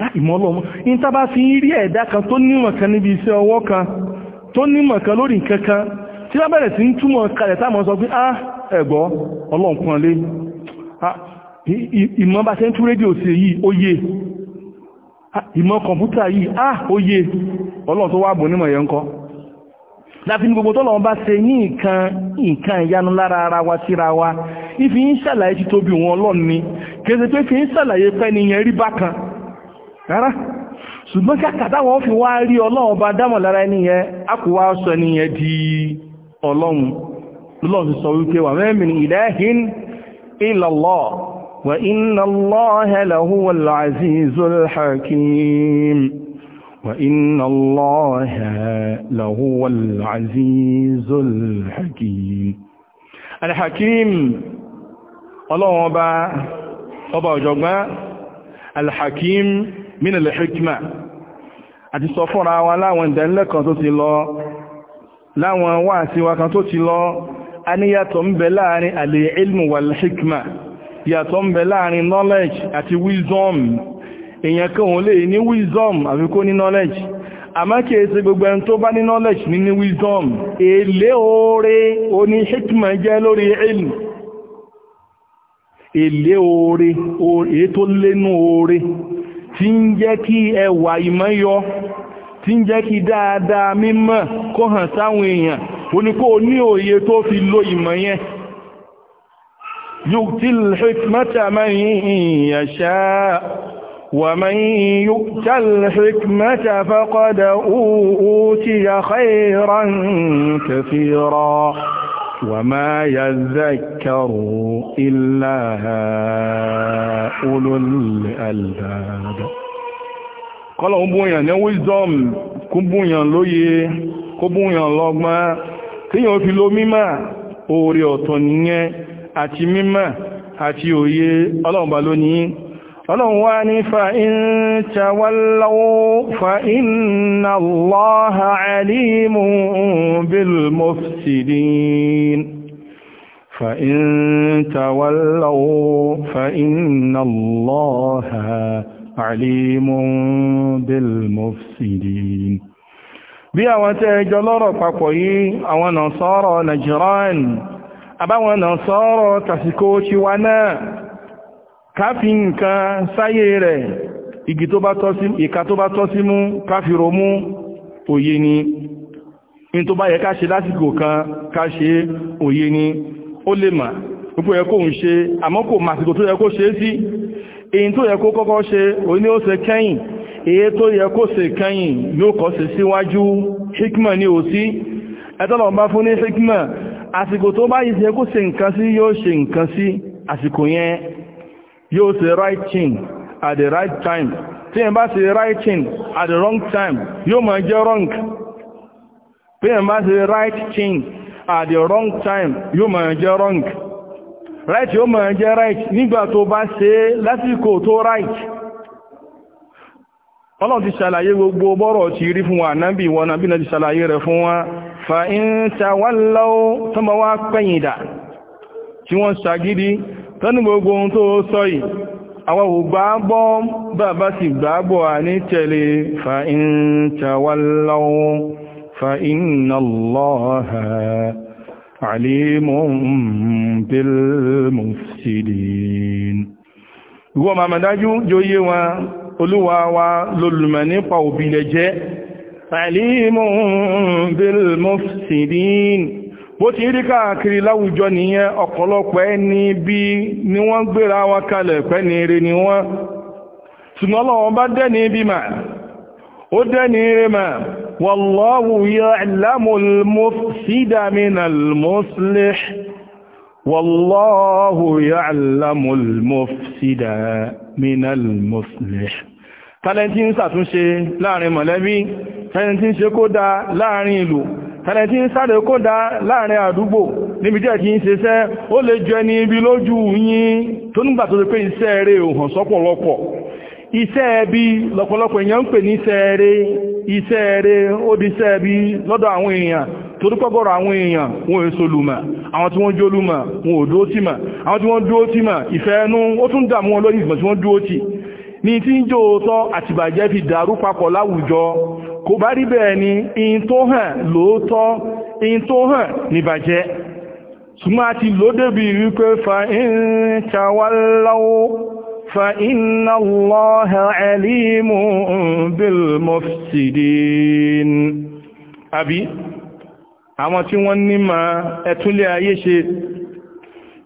Ah, ìmọ̀lọ́mọ́ in tá bá fi ń rí ẹ̀dá kan tó nímọ̀ kan níbi iṣẹ́ ọwọ́ kan tó nímọ̀ kan lórí nǹkan kan tí wọ́n bẹ̀rẹ̀ sí ń túmọ̀ kalẹ̀ táwọn sọ pé á ah, ẹ̀gbọ́ ọlọ́nkúnlé ah, ìmọ̀ bá ṣe ń tú rédíò sí yìí ó yé ìmọ̀ kọ̀mpútà yìí á ó yé ọlọ́run tó wá ni kèsè pé fi ń ṣàlàyé pẹ́ nìyẹn rí bákan rárá ṣùgbọ́n kàkàtà wọn fi wá rí ọlọ́run ọba dámọ̀ lára ẹni yẹn a kò wá sọ ẹni yẹn di ọlọ́run lọ́lọ́ fi sọ wípé wà mẹ́rin ilahin illa Allah wa inna ọlọ́run ọba ọba ọ̀jọ̀gbọ́n alhakim min alhikma àti sọ fúnra wa láwọn ìdánilẹ́kan tó ti lọ láwọn wà sí wa kan tó ti lọ a ní yàtọ̀ ń bẹ láàrin alilmu walhikma yàtọ̀ ń bẹ láàrin knowledge àti wisdom èyàn kan ò lè ní wisdom àfi kó ní knowledge àmá kí è sí gbogbo ẹni tó bá ní knowledge ní ní wisdom èlé oore oní hikma jẹ́ lórí ilmu èlé oore èyí tó lénú oore tí ń jẹ́ kí ẹwà ìmọ́yọ tí ń jẹ́ kí dáadáa mímọ̀ kó hàn sáwọn èèyàn ó ní kó o ní òye tó fi lo ìmọ̀ yẹn يؤتي الحكمة من يشاء ومن يؤت الحكمة فقد أوتي خيرا كثيرا وما يذكر إلا أولو الألباب kọ́lọ̀ ń búyàn ní wisdom kó búyàn lóye kó búyàn lọ́gbọ́n kíyàn fi lo mímọ̀ oore ọ̀tọ̀ nìyẹn àti mímọ̀ àti òye ọlọ́ọ̀bá lónìí ọlọ́run wá ní fa'in tawallahu fa'inna allaha alimun bil mufsidin fa'in tawallahu fa'inna allaha alimun bil mufsidin bí àwọn tẹ́ ẹjọ́ lọ́rọ̀ papọ̀ yìí àwọn Nasara Najran àbáwọn Nasara tàsíkó tiwa náà káfí nǹkan sáyé rẹ̀ igi tó bá tọ́ sí ìka tó bá tọ́ sí mú káfí romú òye ni in tó bá yẹ ká ṣe lásìkò kan ká ṣe òye ni ó lè mà púpọ̀ yẹ kó ń ṣe àmọ́ kò màsìkò tó yẹ kó ṣe sí èyí tó yẹ kó kọ́kọ́ ṣe òní ó ṣe kẹ́yìn èyí tó yẹ kó ṣe kẹ́yìn yóò kọ́ ṣe síwájú hikma ní ò sí ẹ̀tọ́lọ̀ bá fún ní hikma àsìkò tó bá yìí ṣe kó ṣe nǹkan sí yóò ṣe nǹkan sí àsìkò yẹn yóò ṣe right thing at the right time tí ẹ bá ṣe right thing at the wrong time yóò máa jẹ́ wrong tí ẹ bá ṣe right thing at the wrong time yóò máa jẹ́ wrong right yóò máa jẹ́ right nígbà tó bá ṣe lásìkò tó right ọlọ́run ti ṣàlàyé gbogbo bọ́rọ̀ ti rí fún wa náàbí wọn náàbí náà ti ṣàlàyé rẹ̀ fún wa fa in tawallau tọ́mọ wá pẹ̀yìndà tí wọ́n ṣàgídí tán ní gbogbo ohun tó sọ yìí àwọn ògbà gbọ́ bàbá sì gbàgbọ́ à ní tẹ̀lé fa'in tawallawun fa'in allaha alimun bil mufsidin ìwọ mamadájú bó ti rí káàkiri láwùjọ nìyẹn ọ̀pọ̀lọpọ̀ ẹni bí ni wọ́n gbéra wọn kalẹ̀ pẹ́ ní eré ni wọ́n ṣùgbọ́n lọ́wọ́ bá dẹ́ni bí mà ó dẹ́ni eré mà wallahu ya'lamul mufsida minal muslih wallahu ya'lamul mufsida ẹni tí ń sáré kó dá láàrin àdúgbò níbi díẹ̀ tí ń ṣe iṣẹ́ ó lè jọ ẹni ibi lójú yín tó nígbà tó lè pé iṣẹ́ rẹ̀ òhàn sọ́pọ̀lọpọ̀ iṣẹ́ ẹbí lọ́pọ̀lọpọ̀ èèyàn ń pè ní iṣẹ́ rẹ̀ iṣẹ́ rẹ̀ ó di iṣẹ́ ẹbí lọ́dọ̀ àwọn èèyàn torí pọ́gọ́rọ̀ àwọn èèyàn wọn èso lùmọ̀ àwọn tí wọ́n jó lùmọ̀ wọn ò dúó tì mọ̀ àwọn tí wọ́n dúó tì mọ̀ ìfẹ́ ẹnu ó kò bá rí bẹ́ẹ̀ ni in tó hàn lóòótọ́ in tó hàn ní bàjẹ́ súnmọ́ àti lódébì wípé fa in tawalláwó fa inna Allaha alimun bil mufsidin àbí àwọn tí wọ́n ní ma ẹ̀túnlé ayé ṣe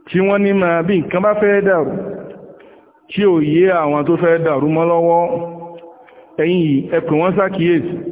tí wọ́n ní ma bí nǹkan bá fẹ́ dàrú tí ò yé àwọn tó fẹ́ dàrú mọ́ lọ́wọ́ ẹ̀yìn ẹ̀pẹ̀ wọ́n ṣàkíyèsí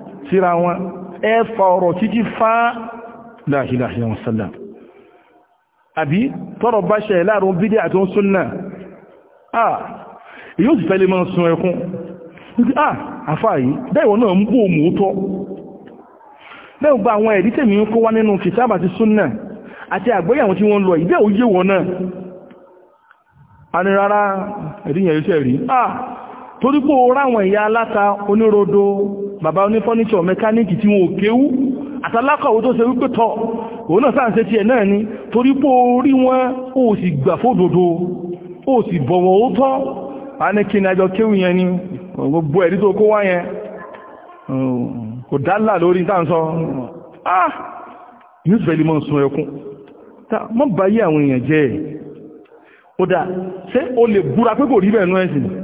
síra wọn ẹ fa ọ̀rọ̀ títí fá la ilaha illallah àbí tọ́rọ bá ṣẹ̀ láàrin bídí àti oún súnnà ah yóò sì fẹ́lé máa sun ẹkún ah àfáà yìí bẹ́ẹ̀wọ̀ náà ń bò mú tọ́ bẹ́ẹ̀ gba àwọn ẹ̀rí tèmi ń kó wá nínú kìtàbà àti súnnà àti àgbóyàwó tí wọ́n lọ torí pé ó ráwọn ìyá aláta onírodo bàbá onífọ́níṣọ̀ mẹkáníkì tí wọn ò kéwú àtàlákọ̀wó tó ṣe wípé tọ́ òun náà sáàṣẹ́ tiẹ̀ náà ni torí pé orí wọn ó sì gbà fódodo ó sì bọ̀wọ̀ ó tọ́ a ní yẹn ni gbogbo ẹ̀rí tó kó wá kò dálà lórí táǹsọ ah yóò fẹ́ lè mọ́ sun ẹkún mọ́ báyé àwọn èèyàn jẹ́ ẹ̀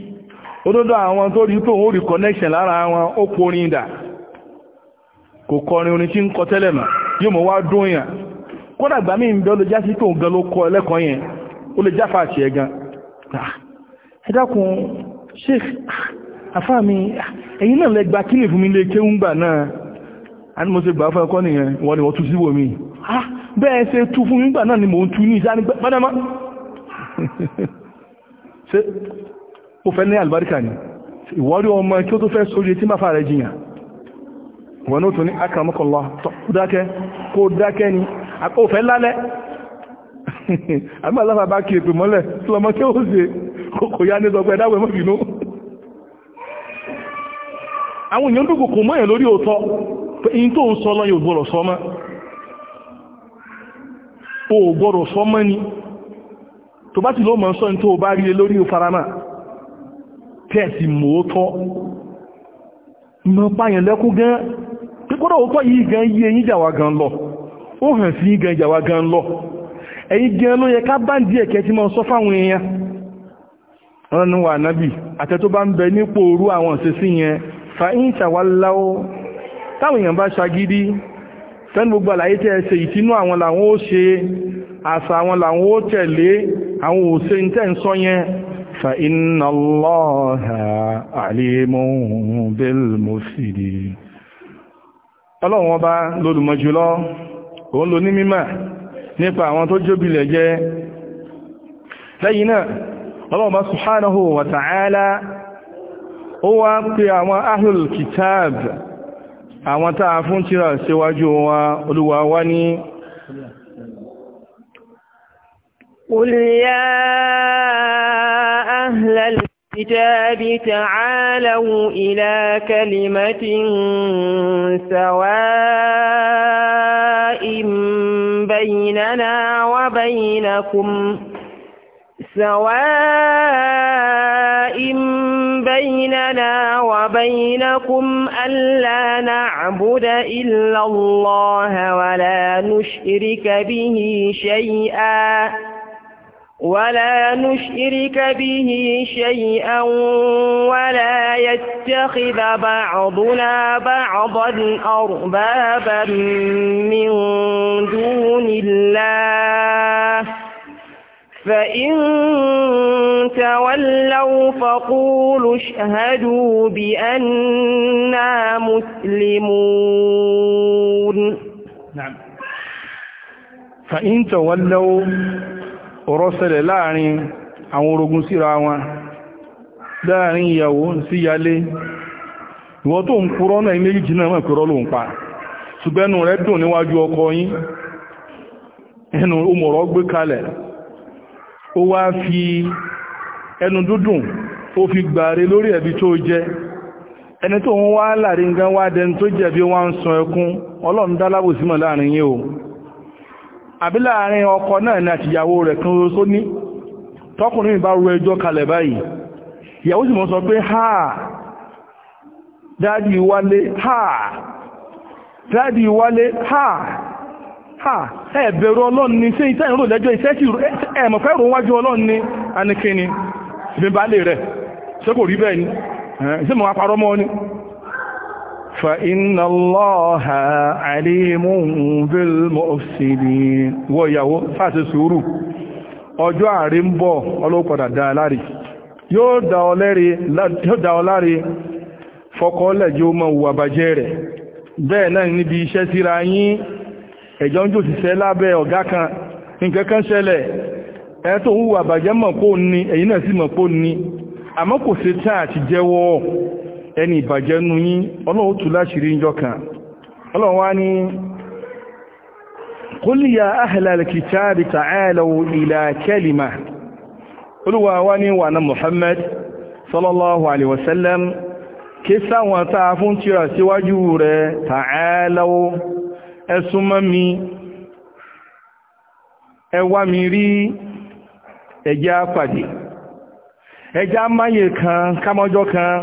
òdodo àwọn tó rí pé òun rí connection lára wọn ó porin dà kò kọrin orin tí ń kọ tẹ́lẹ̀ yóò mọ̀ wá dún yàn kódà gbà mí ń bẹ́ ó lè já gan ló kọ ẹlẹ́kọ̀ọ́ yẹn ó lè jáfa àti ẹ̀ ẹ dákun sheikh àfáà mi náà lẹ gba kílì fún mi lé gbà náà a ní mo ṣe ni ni mò ń ó fẹ́ ní àlùbáríkà ni ìwọ́rí ọmọ kí ó tó fẹ́ sórí etí máfà rẹ̀ jiyàn wọn ó tún ní akàmọ́kànlá tó dákẹ́ kó dákẹ́ ni ó fẹ́ lálẹ́ àgbà láfà bá kí èpè mọ́lẹ̀ tí ọmọ tí ó ṣe kò yá ní sọpẹ́ dáwẹ̀ mọ́ bínú àwọn èèyàn dùn kò mọ́yàn lórí òótọ́ in tó ń sọ lọ́yìn ògbọ́rọ̀ sọmọ́ ògbọ́rọ̀ sọmọ́ ni tó bá ti lọ́ mọ́ sọ tó bá rí lórí òfaramá tẹ́ẹ̀sì mòótọ́ mọ́ páyàn lẹ́kún gan pípọ́dọ̀ òótọ́ yìí gan yí ẹ̀yin jàwà gan lọ ó hàn sí gan jàwà gan lọ ẹ̀yin gan ló yẹ ká bá ń díẹ̀ kẹ́ mọ́ sọ fáwọn èèyàn ránú wà nábì àtẹ tó àwọn ìṣesí ń sọ yẹn فإن الله عليم بالمفسدين ọlọ́run ọba lólùmọ̀jùlọ òun ló ní mímọ̀ nípa àwọn tó jóbilẹ̀ jẹ́ lẹ́yìn náà ọlọ́run bá subhanahu wa ta'ala ó wá pé àwọn ahlul kitab àwọn tàà fún tírà síwájú wa olúwa wá ní قل يا أهل الكتاب تعالوا إلى كلمة سواء بيننا وبينكم سواء بيننا وبينكم ألا نعبد إلا الله ولا نشرك به شيئا ولا نشرك به شيئا ولا يتخذ بعضنا بعضا أربابا من دون الله فإن تولوا فقولوا اشهدوا بأننا مسلمون نعم فإن تولوا ọ̀rọ̀ ṣẹlẹ̀ láàrin àwọn orogun síra wọn láàrin ìyàwó sí yalé ìwọ tó ń purọ́ náà méjì jìnnà mọ̀ pẹ̀rọ ló ń pa ṣùgbẹ́nu rẹ̀ dùn níwájú ọkọ yín ẹnu omọ̀rọ̀ gbé kalẹ̀ ó wá fi ẹnu dúdùn ó fi lórí ẹ̀bí tó ẹni àbí láàrin ọkọ náà ní àti ìyàwó rẹ̀ kan tó ní tọkùnrin bá rú ẹjọ́ kalẹ̀ báyìí ìyàwó sì mọ́ sọ pé ha dáàdì wálé ha dáàdì wálé ha ha ẹ̀bẹ̀rọ ọlọ́run ni sí ìtẹ́ ìrò lẹ́jọ́ iṣẹ́ tí ẹ̀mọ̀fẹ́ rò wájú ọlọ́run ni anikini ìbí فإن الله عليم بالمفسدين wọ́yàwó sáàtì sùúrù ọjọ́ ààrẹ ń bọ̀ suru dáa láre yóò dá ọ láre fọkọọ́lẹ̀ jí ó mọ̀ wà bàjẹ́ rẹ̀ bẹ́ẹ̀ náà níbi iṣẹ́ síra yín ẹ̀jọ́ ń jò kan ni ẹni ìbàjẹ́ nú yín ọlọ́wọ́ tú láṣìírí ìjọ kan ọlọ́wọ́ wá ní qul ya ahlal kitabi ta'alaw ila kalima olúwa wá ní wà náà Muhammad sallallahu alaihi wasallam kí sáwọn táa fún tíra síwájú rẹ̀ ta'alaw ẹsùnmọ́ mi ẹwà mi rí ẹjá pàdé ẹjá máyè kan kámọ́jọ́ kan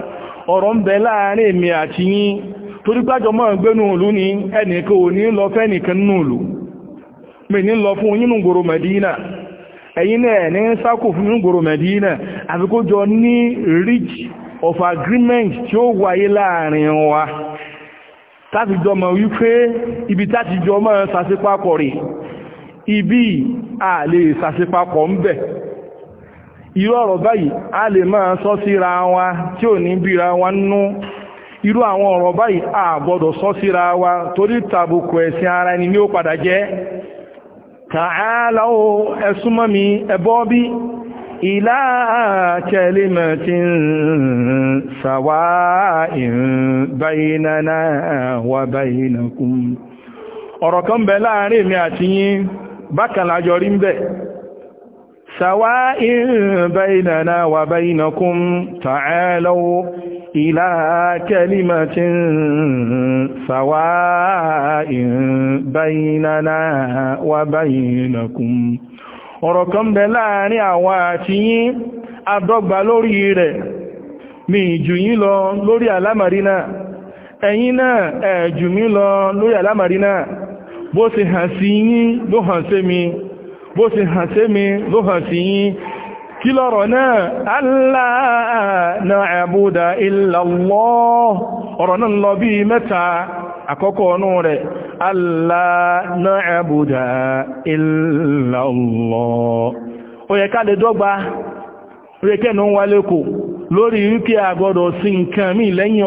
ọ̀rọ̀ ń bẹ láàrin èmi àti yín torí gbájọ mọ́ ìgbénú ìlú ni ẹnìkan ò ní lọ fẹ́nìkan nù ìlú mi ní lọ fún yínú gbòrò Mẹ̀dínà ẹ̀yin náà ní sákò fún yínú àfikójọ ní of agreement tí ó wáyé láàrin wa ibi irú ọ̀rọ̀ báyìí a lè máa sọ síra wa tí ò ní bíra wa nú irú àwọn ọ̀rọ̀ báyìí a gbọ́dọ̀ sọ síra wa torí tàbùkù ẹ̀sìn ara ẹni ní ó padà jẹ́ tààláwò ẹ̀súnmọ́mi ẹ̀bọ́ bí ìlà sàwà wà kan bẹ láàrin mi àti yín سواء بيننا وبينكم تعالوا إلى كلمة سواء بيننا وبينكم ọ̀rọ̀ kan bẹ láàrin àwọn àti yín adọ́gba lórí rẹ̀ mi jù lọ lórí àlámàrí náà ẹ̀yin náà ẹ jù mí lọ lórí àlámàrí náà bó ṣe hàn sí yín bó ṣe hàn sí mi ló hàn sí kí lọ́rọ̀ náà aláà na illa Allah ọ̀rọ̀ náà lọ bí mẹ́ta àkọ́kọ́ ọ̀nà rẹ̀ aláà na'buda illa Allah ó yẹ ká lè dọ́gba wà lẹ́kò lórí àgbọ́dọ̀ sí nǹkan mí lẹ́yìn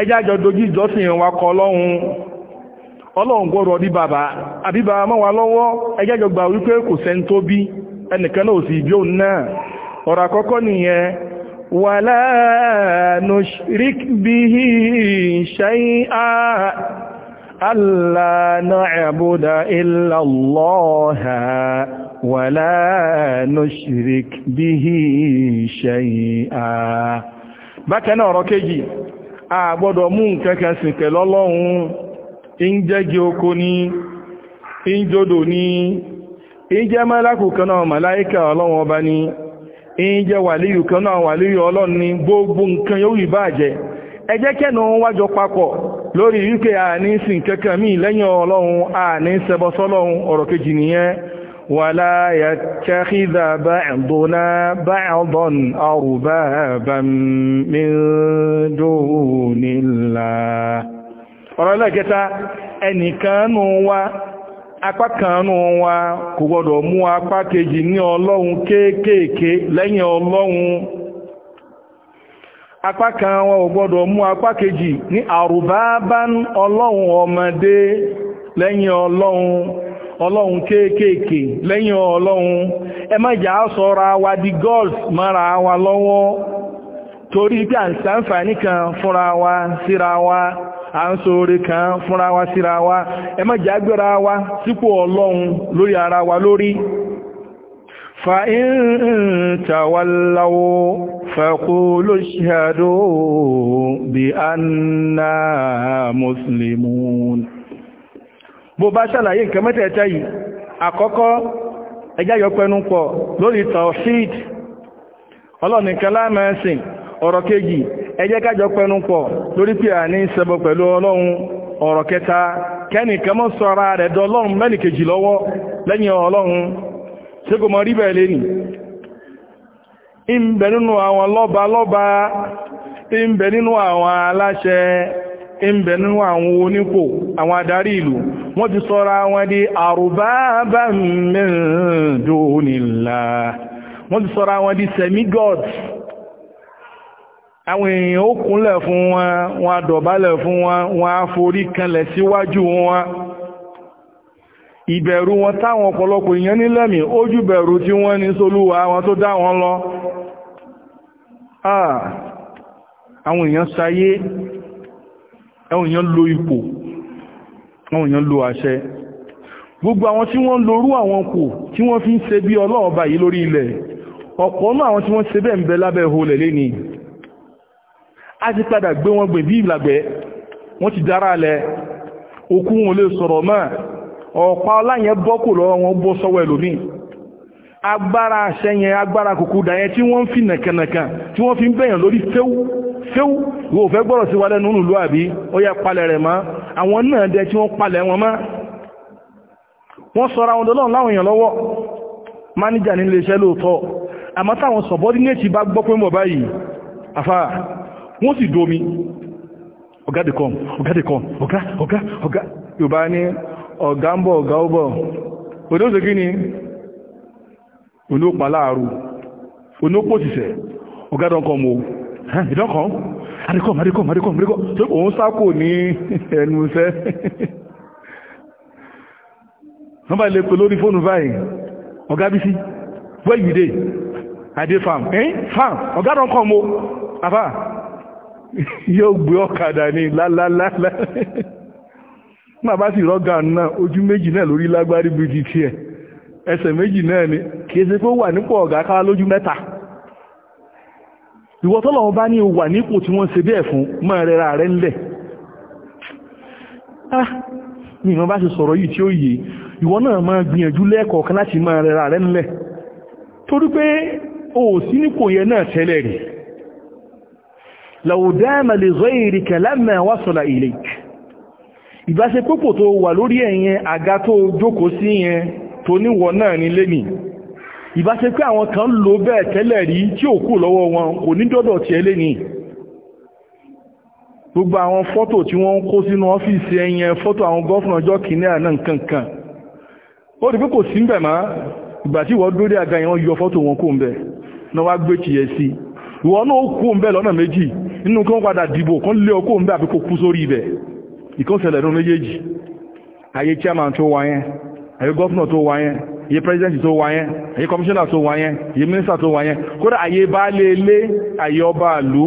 ẹjá jọ dojú ìjọsìn wa kọ lọ́hun ọlọ́run gbọ́rọ̀ bàbá wa lọ́wọ́ ẹjá jọ gbà wípé kò sẹ́n tó bí ẹnìkan náà sì bí òun náà ọ̀rọ̀ àkọ́kọ́ nìyẹn a gbọ́dọ̀ mú nkẹ́kẹ́ sìnkẹ̀ lọ́lọ́run ìjẹ́gi oko ní ìjọdò ní ìjẹ́ mẹ́lákù kanáà màláíkà ọlọ́run ọba ní ìjẹ́ wàlíyù kanáà wàlíyù ọlọ́run ní gbogbo nǹkan yóò rí bàjẹ́ ẹjẹ́ kẹ́nà wájọ papọ̀ lórí wípé àní sìnkẹ́kẹ́ mí lẹ́yìn ọlọ́run àní sẹbọsọ́lọ́run ọ̀rọ̀ kejì nìyẹn ولا يتخذ بعضنا بعضا أربابا من دون الله ọ̀rọ̀ lẹ́gẹta ẹnìkanú wa apákanú wa kò gbọdọ̀ mú apá kejì ní ọlọ́run kéékèèké lẹ́yìn ọlọ́run apákan wa ò gbọdọ̀ mú apá kejì ní àrùbábá ọlọ́run ọmọdé lẹ́yìn ọlọ́run ọlọ́run kekeke lẹ́yìn ọlọ́run ẹ má jà sọ́ra wa di gọls mara wa lọ́wọ́ torí pé à ń sàǹfààní kan fúnra wa síra wa à ń ṣoore kan fúnra wa síra wa ẹ má jà gbéra wa sípò ọlọ́run lórí ara wa lórí فإن تولوا فقولوا اشهدوا بأننا مسلمون bó bá ṣàlàyé nǹkan mẹ́tẹ̀ẹ̀ta yìí àkọ́kọ́ ẹjá yọpẹnu pọ̀ lórí tawhid Ọlọ́run nìkan ọ̀rọ̀ kejì ẹjẹ́ kájọ pọ̀ lórí pé à ní ṣẹbọ pẹ̀lú Ọlọ́run ọ̀rọ̀ kẹta kẹ́nìkan mọ́ sọ ara ń bẹ nínú àwọn onípò àwọn adarí ìlú wọ́n ti sọ́ra wọn di àrùbábà min dunillah wọ́n ti sọ́ra wọn di semi God. àwọn èèyàn ó kúnlẹ̀ fún wọn wọn àdọ̀bálẹ̀ fún wọn wọn á forí kanlẹ̀ síwájú wọn ìbẹ̀rù wọn táwọn ọ̀pọ̀lọpọ̀ èèyàn nílẹ̀mí ojú bẹ̀rù tí wọ́n ní sólúwà àwọn tó dá wọn lọ ah, àwọn èèyàn sayé àwọn èèyàn lo ipò àwọn èèyàn lo àṣẹ gbogbo àwọn tí wọ́n lorú àwọn kò tí wọ́n fi ń ṣe bí ọlọ́ọ̀bá yìí lórí ilẹ̀ ọ̀pọ̀ náà àwọn tí wọ́n ṣe bẹ́ẹ̀ ń bẹ lábẹ́ ìhòlẹ̀ lẹ́ni a ti padà gbé wọn gbè bí ìlàgbẹ́ wọ́n ti dára lẹ okú wọn lè sọ̀rọ̀ mọ́ ọ̀pá ọláyẹn bọ́kù lọ́wọ́ wọn bọ́ sọ́wọ́ ẹlòmíì agbára àṣẹ yẹn agbára kòkúdà yẹn tí wọ́n fi nàkànàkàn tí wọ́n fi bẹ̀yàn lórí fẹ́wú kéwú wo fẹ́ gbọ́rọ̀ sí wa lẹ́nu nùlú àbí ó yá palẹ̀ rẹ̀ má àwọn náà dẹ tí wọ́n palẹ̀ wọn má wọ́n sọ́ra wọn dọ́lọ́run láwọn èèyàn lọ́wọ́ máníjà ní iléeṣẹ́ lóòótọ́ àmọ́ táwọn subordinate bá gbọ́ pé mọ̀ báyìí àfà wọ́n sì domi ọ̀gá dè kọ́m ọ̀gá dè kọ́m ọ̀gá ọ̀gá ọ̀gá yorùbá ní ọ̀gá ń bọ̀ ọ̀gá ó bọ̀ òdóòsè kí ni onópa láàrú onópòsìsẹ̀ ọ̀gá dọ́kọ̀ mọ́ ìdọ́kọ̀ àríkọ̀ àríkọ̀ àríkọ̀ àríkọ̀ tó òun sákò ní ẹnu iṣẹ́ wọ́n bá lè pè lórí fóònù báyìí ọ̀gá bí sí where you farm eh farm ọ̀gá don come o àbá yóò gbé ọ̀kadà ní lálálálá máa bá sì rọ́gà náà ojú méjì náà lórí lágbárí bí ti tiẹ̀ ẹsẹ̀ méjì náà ni kìí ṣe pé ó wà nípò ọ̀gá káwá lójú mẹ́ta ìwọ tọ́lọ́wọ́ bá ní wà nípò tí wọ́n ṣe bẹ́ẹ̀ fún mọ́ rẹra rẹ ńlẹ̀ ah ní ìwọ̀n bá ṣe sọ̀rọ̀ yìí tí ó yìí ìwọ náà máa gbìyànjú lẹ́ẹ̀kọ̀ọ̀kan láti mọ́ rẹra rẹ ńlẹ̀ torí pé o sí nípò yẹn náà tẹ́lẹ̀ rí làwùdáàmà lè zọ èrè kẹlẹ́mà wá sọ̀lá ilẹ̀ ìbáṣepọ̀pọ̀ tó wà lórí ẹ̀yẹn àga tó jókòó sí yẹn tó níwọ̀ náà ní lẹ́nìí ìbáṣe pé àwọn kan lò bẹ́ẹ̀ tẹ́lẹ̀ rí tí ò kù lọ́wọ́ wọn kò ní dọ́dọ̀ tí ẹ lé ní gbogbo àwọn fọ́tò tí wọ́n ń kó sínú ọ́fíìsì ẹ̀yẹn fọ́tò àwọn gọ́fúnà ọjọ́ kìíní àná nǹkan kan ó rí pé kò sí mbẹ̀ má ìgbà tí ìwọ dúró dé àga yẹn wọ́n yọ fọ́tò wọn kó mbẹ̀ náà wá gbé tìyẹ sí ìwọ náà ó kó mbẹ̀ lọ́nà méjì nínú kí wọ́n padà dìbò kán lé ọkọ̀ mbẹ̀ àbí kó kú sórí ibẹ̀ ìkọ́sẹ̀lẹ̀ nínú méjèèjì ayé chairman tó wá yẹn ayé gọ́fúnà tó wá yẹn iye president tó wà yẹn commissioner tó wà yẹn minister tó wà yẹn kódà àyè baálé ilé àyè ọba àlú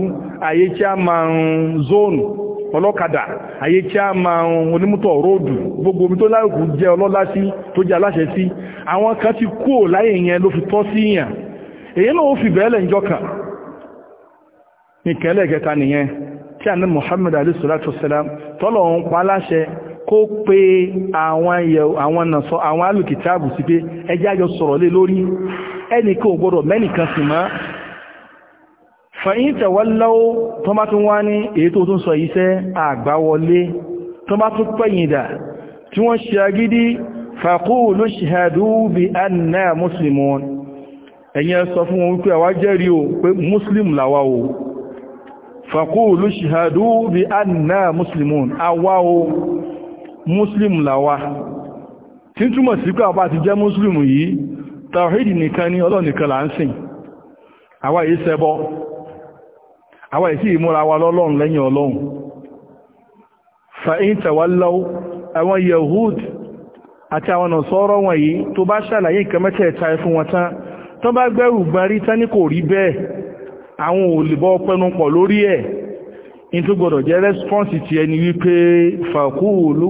àyè chairman zone ọlọ́kadà àyè chairman onímútọ̀ róòdù gbogbo omi tó láìkú jẹ́ ọlọ́lá sí tó jẹ́ aláṣẹ sí àwọn kan ti kú ò láyè yẹn ló fi tọ́ sí yàn èyí náà ó fi bẹ́ẹ̀lẹ̀ ń jọkàn ìkẹ́lẹ̀ kẹta nìyẹn tí a ní Muhammad alayhi salatu wasalam tọ́lọ̀ ń pa aláṣẹ kó pe àwọn alùkìtàbù sí pé ẹjá yọ sọ̀rọ̀ lé lórí ẹnìkan ò gbọ́dọ̀ mẹ́nìkan sì mọ́ fẹ̀yìn tẹ̀wọ́lọ́wọ́ tó bá tún wá ní èyí tó tún sọ iṣẹ́ àgbáwọlé tó bá tún pẹ̀yìndà tí wọ́n ṣe agídí fàkóòlù ṣìhàdú bí anna muslimun ẹ̀yẹn sọ fún wọn muslim làwa tí ń túmọ̀ sí pé àwa ti jẹ́ muslim yìí tawhid nìkan ni Ọlọ́run nìkan là ń sìn àwa yìí ṣẹbọ àwa yìí sí ìmúra wa lọ́lọ́run lẹ́yìn Ọlọ́run fa'in tawallaw àwọn yahud àti àwọn ọ̀sọ́rọ̀ wọ̀nyí tó bá ṣàlàyé nǹkan mẹ́tẹ̀ẹ̀ta ẹ fún wọn tán tó bá gbẹ́rù gbarí tán jẹ́ rẹ́spọ́nsì ti ẹni wípé fàkúùlù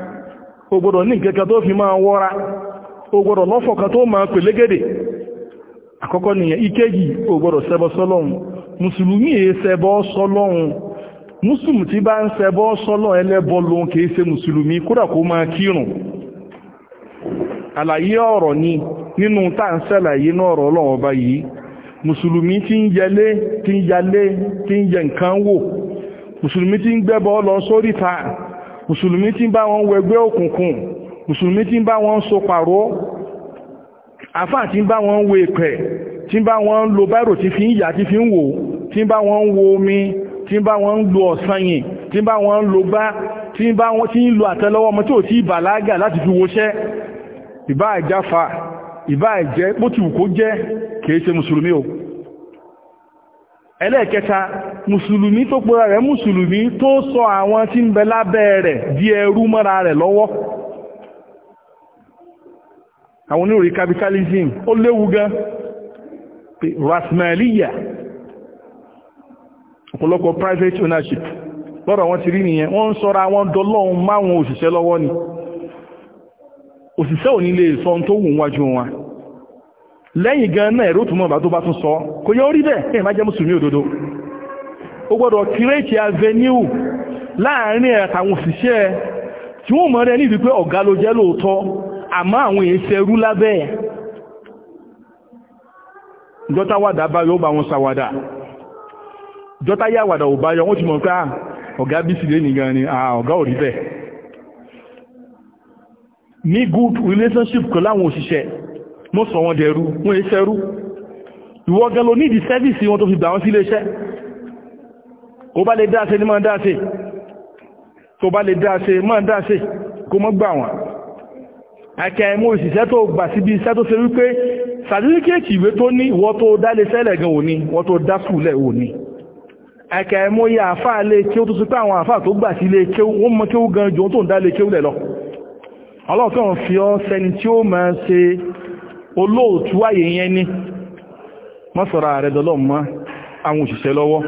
o gbọ́dọ̀ ní nǹkan tó fi máa wọ́ra o gbọ́dọ̀ lọ́fọ̀ tó máa pẹ̀lẹ́gẹ̀dẹ̀ àkọ́kọ́ ike ìkejì o gbọ́dọ̀ ṣẹbọ sọ́lọ́run mùsùlùmí musulmi ṣẹbọ sọ́lọ́run mùsùlùmí tí bá ń ṣẹbọ sọ́lọ́run ẹlẹ́bọ lòun kìí ṣe mùsùlùmí kódà kó máa kírun ni nínú tá à ń ṣàlàyé náà ọba yìí musulmi ti ń yẹlé ń yalé ti ń yẹ nǹkan wò mùsùlùmí tí ń bá wọn wẹgbẹ́ òkùnkùn mùsùlùmí tí ń bá wọn so pàrọ́ àfà tí ń bá wọn wo ìpẹ̀ tí ń bá wọn lo báìrò tí fi ń yà tí fi ń wò tí ń bá wọn wo omi tí ń bá wọn lo ọ̀sanyìn tí ń bá wọn lo gbá tí ń bá wọn tí ń lo àtẹ́lọ́wọ́ ọmọ tí ò tí bàlágà láti fi woṣẹ́ ìbá ìjáfà ìbá ìjẹ́ bó ti wù kó jẹ́ kìí ṣe mùsùlùmí o ẹlẹ́ẹ̀kẹta mùsùlùmí tó pera rẹ̀ mùsùlùmí tó sọ àwọn tí ń bẹ lábẹ́ rẹ̀ di ẹrú mọ́ra rẹ̀ lọ́wọ́ àwọn oníròyìn capitalism ó léwu gan rasmaliya ọ̀pọ̀lọpọ̀ private ownership lọ́rọ̀ wọn ti rí nìyẹn wọ́n ń sọ́ra wọn dọ́lọ́un máwọn òṣìṣẹ́ lọ́wọ́ ni òṣìṣẹ́ ò lè sọ tó wù wájú wọn lẹ́yìn gan náà ẹ̀rọ tó mọ́ bá tó bá tún sọ kò yọ orí bẹ́ẹ̀ ẹ̀ jẹ́ mùsùlùmí òdodo ó gbọ́dọ̀ avenue láàrin àtàwọn òṣìṣẹ́ tí wọ́n mọ̀ rẹ̀ ní ìdípẹ́ ọ̀gá ló jẹ́ lóòótọ́ àwọn lábẹ́ ẹ̀ wàdà bá ó bá wọn jọta yá wàdà ò bá yọ ti mọ̀ pé ah, ọ̀gá bísí lé nìgan ni ah, ọ̀gá ò rí bẹ́ẹ̀ mọ́ sọ wọn dẹ̀rú wọ́n iṣẹ́ rú ìwọ gan ló nídìí sẹ́fíìsì wọn tó fi gbà wọn sí iléeṣẹ́ ó bá lè dáṣe ní máa dáṣe tó bá lè dáṣe máa dáṣe kó mọ́ gbà wọn akẹ́ mú òṣìṣẹ́ tó gbà síbi iṣẹ́ tó ṣe wípé sàtífíkẹ́ẹ̀tì ìwé tó ní ìwọ tó dálé sẹ́lẹ̀ gan òní wọ́n tó dásùlẹ̀ òní akẹ́ mú yà àfáà lè kí ó tó sí pé àwọn àfáà tó gbà sí ilé kí wọ́n mọ́ kí ó gan jù tó ń dálé kí ó lẹ̀ lọ ọlọ́ọ̀kan fi ọ́ sẹni tí ó máa ṣe olóòtú àyè yẹn ni má sọ̀rọ̀ ààrẹ dọ́lọ́ mọ́ àwọn òṣìṣẹ́ lọ́wọ́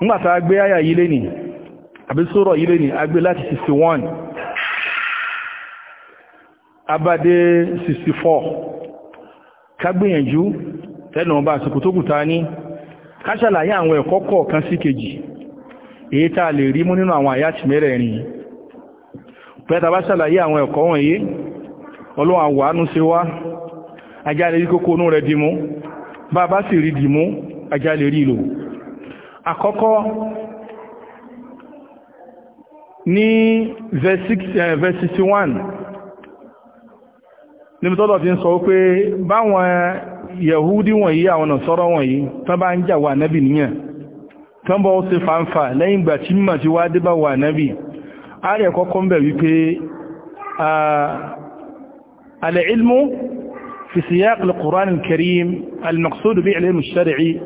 nígbàtà agbé àyà yìí lẹ́nì àbí sọ̀rọ̀ yìí lẹ́nì agbé láti 61 abadé 64 kágbìyànjú ẹnu ọba àsìkò tó kùta ní káṣàlàyé àwọn ẹ̀kọ́ kọ̀ọ̀kan sí kejì èyí tá lè rí mú nínú àwọn àyàtì mẹ́rẹ̀ẹ̀rin yìí pẹ́ta bá ṣàlàyé àwọn ẹ̀kọ́ wọ̀nyí ọlọ́wọ́ àwọ̀ánú sí wá ajá lè rí kókó inú rẹ̀ dìmú bá bá sì rí dìmú ajá rí ìlò àkọ́kọ́ ní verse 61 ní tọ́lọ̀ fi ń sọ pé báwọn yẹ̀húdí wọ̀nyí àwọn ọ̀sọ́rọ̀ wọ̀nyí tán bá ń jà wà nábì níyàn tán bọ́ ó ṣe fàǹfà lẹ́yìn ìgbà tí mímọ̀ ti wá dé bá wà nábì ààrẹ kọ́kọ́ ń bẹ̀ wípé al'ilmu fi siyaq al-Qur'an al-Karim al-maqsud bi al-ilm al-shar'i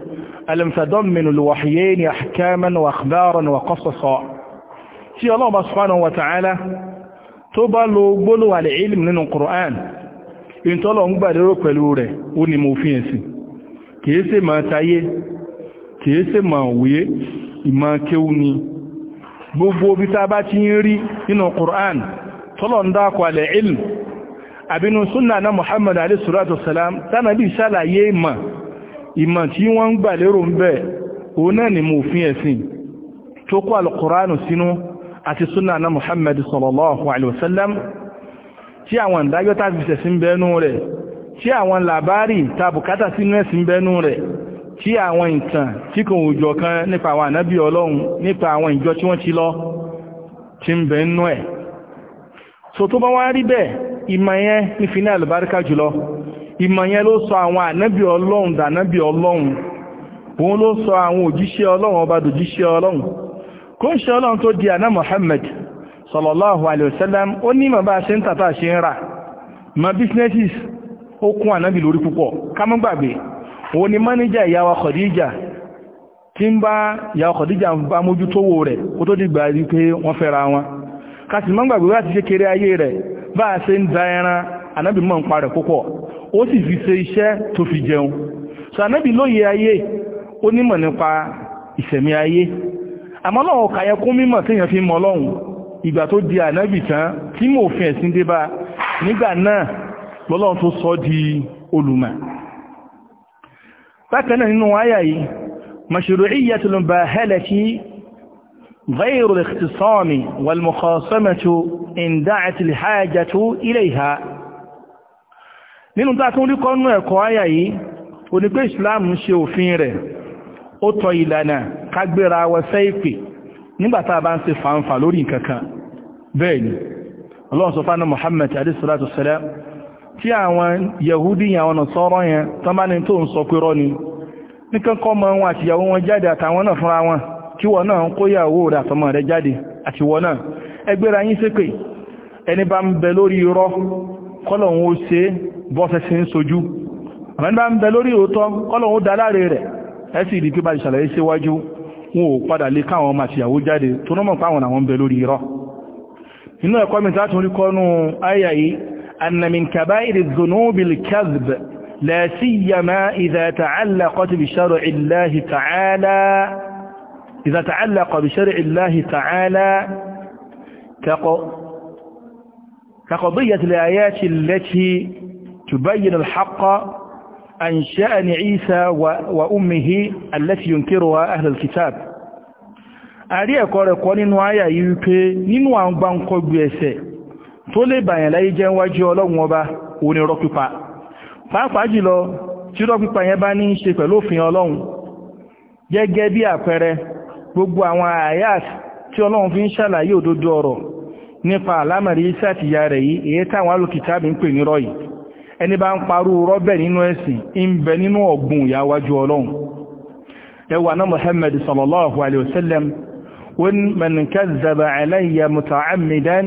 al-mutadammin al-wahyayn ahkaman wa akhbaran wa qasasa tí Ọlọ́run bá subhanahu wa ta'ala tó bá lo gbólò al'ilm nínú Qur'an in tọ́lọ̀ ń gbàdérò pẹ̀lú rẹ̀ ó ni mo fi ẹ̀sìn kìí ṣe ma tayé kìí ṣe ma wòye ìmá kéwú ni gbogbo bí ta bá ti ń rí nínú Qur'an tọ́lọ̀ ń dákọ̀ alẹ̀ ilm àbínú súnà na Muhammad alayhi salatu wassalam tánàbí ṣàlàyé ìmọ̀ ìmọ̀ tí wọ́n ń gbà lérò ń bẹ̀ òun náà ni mòfin ẹ̀sìn tó kó alkùránù sínú àti súnà na Muhammad sallallahu ẹ̀sìn tí àwọn ìtàn tí kò òjò kan nípa àwọn ànábì ọlọ́run nípa àwọn ìjọ tí wọ́n ti lọ ti ń bẹ̀ nú ẹ̀ so tó bá wá rí bẹ́ẹ̀ ìmọ̀ yẹn ní fi ní àlùbáríkà jùlọ ìmọ̀ yẹn ló sọ àwọn ànábì ọlọ́run dànábì ọlọ́run òun ló sọ àwọn òjíṣẹ́ ọlọ́run ọba dòjíṣẹ́ ọlọ́run kó ń ṣe ọlọ́run tó di àná Muhammad sallallahu alaihi wasallam ó ní mọ̀ bá ṣe ń tàtà ṣe ń rà mọ̀ businesses ó kún ànábì lórí púpọ̀ ká òun ni mánéjà ìyàwó Khadija tí ń bá ìyàwó Khadija ń bá mójútówó rẹ̀ kó tó dìgbà rí pé wọ́n fẹ́ra wọn kásì má gbàgbé láti ṣe kéré ayé rẹ̀ bá a ṣe ń da ẹran anábì mọ́ ń parẹ̀ púpọ̀ ó sì fi ṣe iṣẹ́ tó fi jẹun so anábì lóye ayé ó nímọ̀ nípa ìṣẹ̀mí ayé àmọ́ lọ́wọ́ kàyẹ kún mímọ̀ téèyàn fi mọ̀ lọ́hùn ìgbà tó di ànábì tán tí mò òfin ẹ̀sìn dé bá nígbà náà lọ́lọ́run tó sọ di olùmọ̀ bákan náà nínú àyà yìí mashru'iyyatul mubahalati ghayru al-ikhtisami wal mukhasamati in da'at al-hajatu ilayha nínú tá tún rí kọ́nú ẹ̀kọ́ àyà yìí ó ní pé Islam ń ṣe òfin rẹ̀ ó tọ ìlànà kágbéra wẹsẹ́ ìpè nígbàtá bá ń ṣe fàǹfà lórí nǹkankan bẹ́ẹ̀ ni Allah Muhammad alayhi salatu tí àwọn yahudi yẹn àwọn nọ̀sọ́rọ̀ yẹn tán bá ní tó ń sọ pé rọ́ ni nìkan kọ́ mọ wọn àti ìyàwó wọn jáde àtàwọn náà fúnra wọn kí wọ́n náà ń kó yàwó rẹ̀ àtọmọ rẹ̀ jáde àti wọ́n náà ẹgbẹ́ra yín sí pé ẹni bá ń bẹ lórí irọ́ kọ́lọ̀hún ó ṣe bọ́sẹ̀ sí ń sojú àmẹ́ni bá ń bẹ lórí òótọ́ kọ́lọ̀hún ó dá láre rẹ̀ ẹ sì rí pé bá inú ẹ̀kọ́ mi tá tún rí kọ́nú àyà أن من كبائر الذنوب الكذب لا سيما إذا تعلقت بشرع الله تعالى إذا تعلق بشرع الله تعالى كقضية الآيات التي تبين الحق عن شأن عيسى وأمه التي ينكرها أهل الكتاب أريد أقول لكم أن آية يوكي ننوى أن بانكو بيسي tó lè bàyàn láyé jẹ́ wájú ọlọ́run ọba òun irọ́ pípa pàápàá jùlọ tí irọ́ pípa yẹn bá ní í ṣe pẹ̀lú òfin ọlọ́run gẹ́gẹ́ bí àpẹẹrẹ gbogbo àwọn àyàt tí ọlọ́run fi ń ṣàlàyé òdodo ọ̀rọ̀ nípa àlámẹ̀rí iṣẹ́ rẹ̀ yìí èyí táwọn alùkìtàbí ń pè ní rọ́yì ẹni bá ń parú rọ́bẹ̀ nínú ẹ̀sìn ń bẹ nínú ọ̀gbùn ìyáwájú ọlọ́run ẹwà náà Muhammad sallallahu alaihi wasallam wọn mẹ́nìkẹ́ zaba aláyà muta'ammidan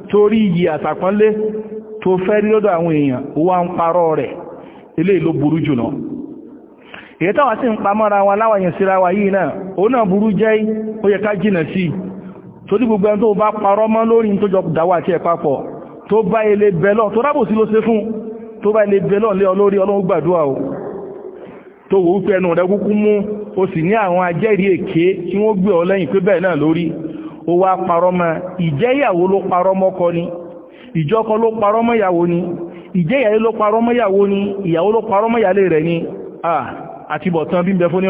torí iyì àtàpọ́nlé tó fẹ́ rí lọ́dọ̀ àwọn èèyàn wá ń parọ́ rẹ̀ eléyìí ló burú jùlọ èyí táwọn sì ń pamọ́ra wọn láwàyàn síra wa yìí náà ó náà burú jẹ́ ó yẹ ká jìnà sí torí gbogbo ẹni tó bá parọ́ mọ́ lórí tó jọ dáwà àti ẹ̀pápọ̀ tó bá ilé bẹ́lọ̀ tó rábò sí ló ṣe fún tó bá ilé bẹ́lọ̀ lé olórí ọlọ́run gbàdúrà o tó wò ó pẹ́nu rẹ̀ kúkú mú o sì ní àwọn ajẹ́rìí èké tí wọ́n gbé ọ lẹ́yìn pé bẹ́ẹ̀ náà lórí ó wá parọ́ mọ́ ìjẹ́yàwó ló parọ́ mọ́kọ ni ìjọkọ ló parọ́ mọ́yàwó ni ìjẹ́yàwó ló parọ́ mọ́yàwó ni ìyàwó ló parọ́ mọ́yàlé rẹ̀ ni àti bọ̀tán bí ń bẹ fún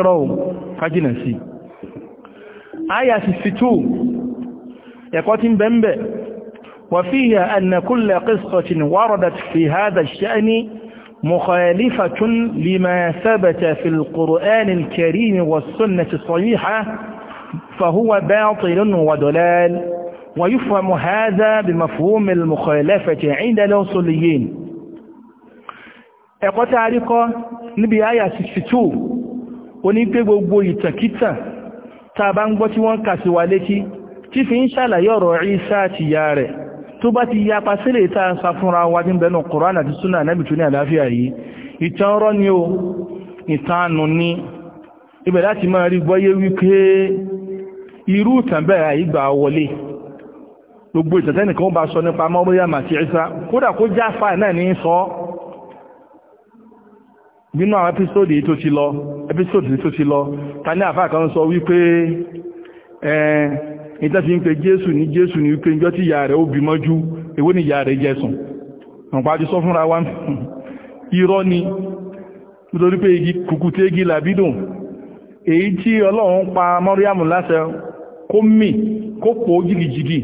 sí وفيها أن كل قصة وردت في هذا الشأن مخالفة لما ثبت في القرآن الكريم والسنة الصحيحة فهو باطل ودلال ويفهم هذا بمفهوم المخالفة عند الوصليين ẹ̀kọ́ tí a rí kọ́ níbi àyà 62 oní pé gbogbo ìtàkítà ta bá ń gbọ́ tí wọ́n kà sí wa létí tí fi ń ṣàlàyé ọ̀rọ̀ Ìsá àti ìyá rẹ̀ tó bá ti yapa sílẹ̀ ìta sàfúnra wa ní bẹnu Kùránì àti irú ìtàn bẹ́ẹ̀ àìgbà wọlé gbogbo ìtẹ̀tẹ́nìkan bá sọ nípa mọ́ríyàmà àti ìsá kódà kó já fà náà ní sọ nínú àwọn ẹpísòdì tó ti lọ ẹpísòdì tó ti lọ ta ní àfáà kan sọ wípé ẹn ìtẹ́ fi ń pe jésù ní jésù ní wípé ìjọ tí ìyá rẹ̀ ó bímọ́jú èwo ni ìyá rẹ̀ jẹsùn ọ̀pájú sọ fúnra wá irọ́ ni nítorí pé igi kùkùté igi làbídùn èyí tí ọlọ́run pa mọ́ríyàmù láṣẹ kó mì kó pò jìgìjìgì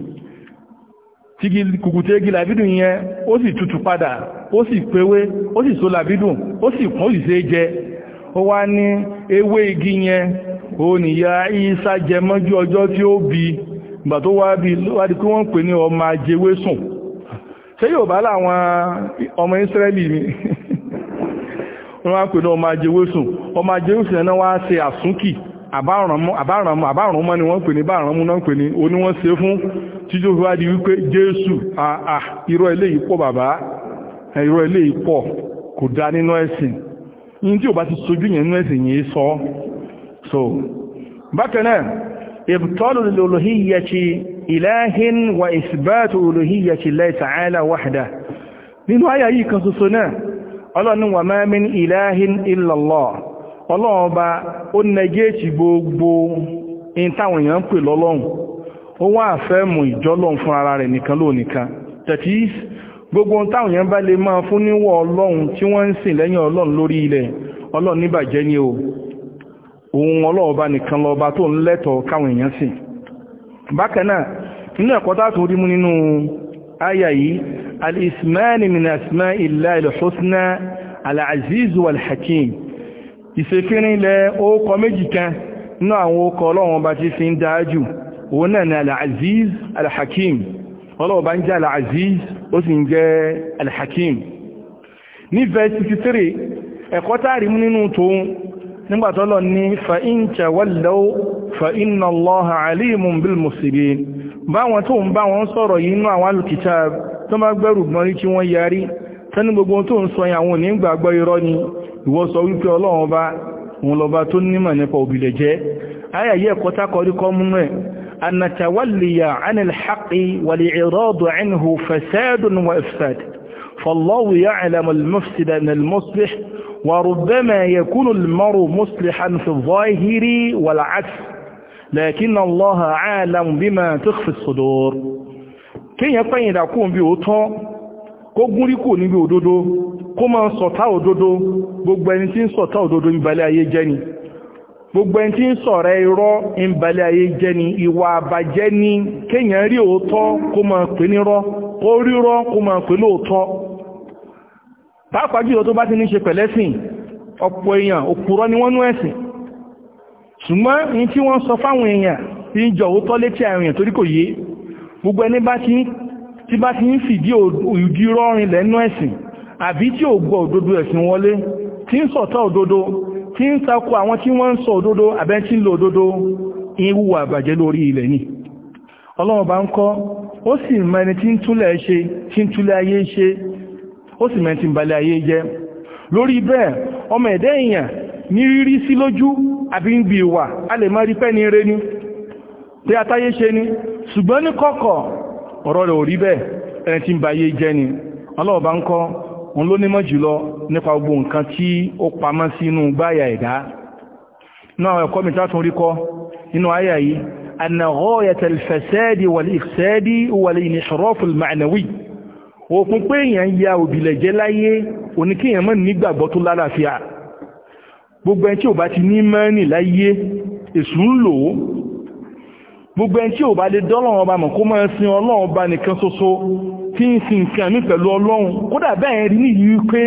tí kùkùté igi làbídùn yẹn ó sì tutù padà ó sì pewé ó sì so làbídùn ó sì pọ́n sì ṣe jẹ ó wá ní ewé igi yẹn ó nìyá ìsá jẹ mọ́jú ọjọ́ tí ó bí ìgbà tó wá bí wádìí kí wọ́n pè ní ọmọ ajewé sùn ṣé yóò bá láwọn ọmọ Ísírẹ́lì mi wọ́n wá pè ní ọmọ ajewé sùn ọmọ ajewé sùn náà wá ṣe àsúnkì àbárànmọ́ ni a pè ní bárànmú náà pè ní oníwọ́n fún tíjó fi wá wípé jésù àà irọ́ eléyìí pọ̀ bàbá irọ́ eléyìí pọ̀ kò dá nínú ẹ̀sìn yìí tí ò bá ti sojú yẹn nínú ẹ̀sìn yìí sọ so bákan náà ìbùtọ́lù olùhíyàtì ìlàhín wa ìsìbáàtù olùhíyàtì Allah ta'ala wahda nínú àyà yìí kan soso náà ọlọ́run wà ọlọ́run ọba na nẹgẹ́ẹ̀tì gbogbo in táwọn èèyàn ń pè lọ́lọ́run ó wá àfẹ́ fún ara rẹ̀ nìkan lóò nìkan tẹ̀tí gbogbo táwọn èèyàn bá lè máa fún níwọ̀ ọlọ́run tí wọ́n ń sìn lẹ́yìn ọlọ́run lórí ilẹ̀ ọlọ́run ni nìkan lọ́ba tó ń lẹ́tọ̀ọ́ káwọn èèyàn sìn bákan náà ẹ̀kọ́ táàtò nínú yìí ìsekínrinlẹ̀ ókọ méjì kan nínú àwọn ókọ ọlọ́run ọba tí fi ń dáájù òun náà ni al-aziz al-hakim ọlọ́run ọba ń jẹ́ al-aziz ó sì ń jẹ́ al-hakim ní verse 63 ẹ̀kọ́ táàrí mú nínú tóun nígbàtọ́lọ ní fa'ínkà wàlọ́ fa'ínà ìwọ sọ wípé ọlọ́run wọn lọ bá tó nímọ̀ nípa òbílẹ̀ jẹ́ ayàyẹ kọtàkọríkọ mú ẹ̀ anàtàwàlìyà anìlhàkì wàlìírọ́dù ẹnihù fẹsẹ́dùn wa ifsad فالله يعلم المفسد من المصلح وربما يكون المرء مصلحا في الظاهر والعكس لكن الله عالم بما تخفي الصدور كي يقين يكون بيوتو kó gúnrí kò níbi òdodo kó máa sọ̀tá òdodo gbogbo ẹni tí ń sọ̀tá òdodo ìbàlẹ̀ ayé jẹ́ ni gbogbo ẹni tí ń sọ̀rẹ́ irọ́ ìbàlẹ̀ ayé jẹ́ ni ìwà àbàjẹ́ ni kéèyàn rí òótọ́ kó ma pè ní nírọ́ kó rọ́ kó ma pè lóòótọ́ pàápàá jùlọ tó bá ti ní ṣe pẹ̀lẹ́sìn ọ̀pọ̀ èèyàn òpùrọ́ ni wọ́n nú ẹ̀sìn ṣùgbọ́n ní tí wọ́n sọ fáwọn èèyàn ń jọ òótọ́ létí àwọn èèyàn torí kò yé gbogbo ẹni bá ti tí bá ti ń fìdí òyùdí rọ́rin lẹ́nu ẹ̀sìn àbí tí ò gbọ́ òdodo ẹ̀sìn wọlé tí ń sọ̀tọ̀ òdodo tí ń takò àwọn tí wọ́n ń sọ òdodo àbẹ́ tí ń lo òdodo ìwúwà àbàjẹ́ lórí ilẹ̀ ni ọlọ́run bá ń kọ́ ó sì mọ ẹni tí ń túlẹ̀ ṣe tí ń túlẹ̀ ayé ṣe ó sì mọ ẹni tí ń balẹ̀ ayé jẹ́ lórí ni rẹ ni ọ̀rọ̀ rẹ̀ ò rí bẹ́ẹ̀ ẹni tí ń ba ayé jẹ́ ni ọlọ́wọ́ bá ń kọ́ òun ló nímọ̀ jùlọ nípa gbogbo nǹkan tí ó pamọ́ sínú gbáyà ẹ̀dá náà ẹ̀kọ́ mi tátún rí kọ́ nínú ayà yìí anna ghayat al-fasadi wal-ifsadi gbogbo ẹni tí ò bá lè dọ́lọ́run ọba mọ̀ kó máa sin ọlọ́run ọba nìkan ṣoṣo tí ń sin nǹkan mi pẹ̀lú ọlọ́run kódà bẹ́ẹ̀ rí nìyí pé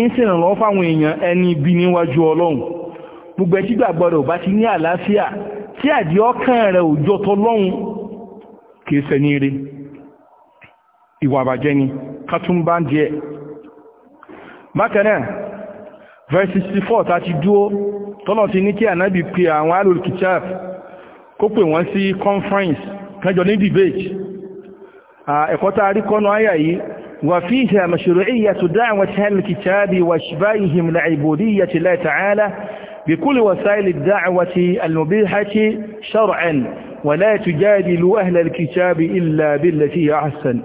ń sin ìrànlọ́wọ́ fáwọn èèyàn ẹni ibi níwájú ọlọ́run gbogbo ẹni tí gbàgbọ́ rẹ̀ ò bá ti ní àlàáfíà tí àdí ọkàn rẹ̀ ò jọ tọlọ́run kì í sẹ́ni rí ìwà àbàjẹ́ ni ká ń díẹ̀ bákan verse 64 tá a ti dúó tọ́lọ̀ ti ní kó pè wọ́n sí conference kẹjọ ní debate ẹ̀kọ́ tá a rí kọ́nù àyà yìí wà fi ìhẹ àmàṣìròyìyà tó dá àwọn tẹ́lì kìtàbí wà ṣìbá ìhìm láìbòdíyà ti láìtàálá بكل وسائل الدعوة المبيحة شرعا ولا تجادلوا أهل الكتاب إلا بالتي أحسن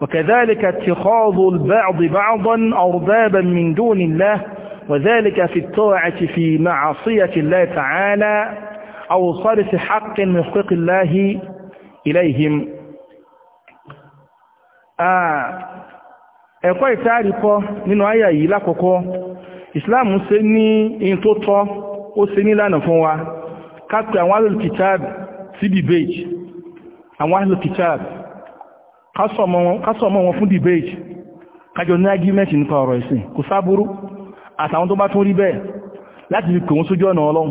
وكذلك اتخاذ البعض بعضا أربابا من دون الله وذلك في الطاعة في معصية الله تعالى أو صرف حق من حقوق الله إليهم ẹ̀kọ́ ìtàríkọ́ nínú àyà yìí lákọ̀ọ́kọ́ Islam ṣe ní in tó tọ́ ó ṣe ní lánà fún wa kápẹ̀ àwọn alòkìtàb sí debate àwọn alòkìtàb kásọ̀mọ́ wọn fún debate kájọ ní argument nípa ọ̀rọ̀ ìsìn kò sábúrú àtàwọn tó bá tún rí bẹ́ẹ̀ láti fi kò wọ́n sójú ọ̀nà ọlọ́run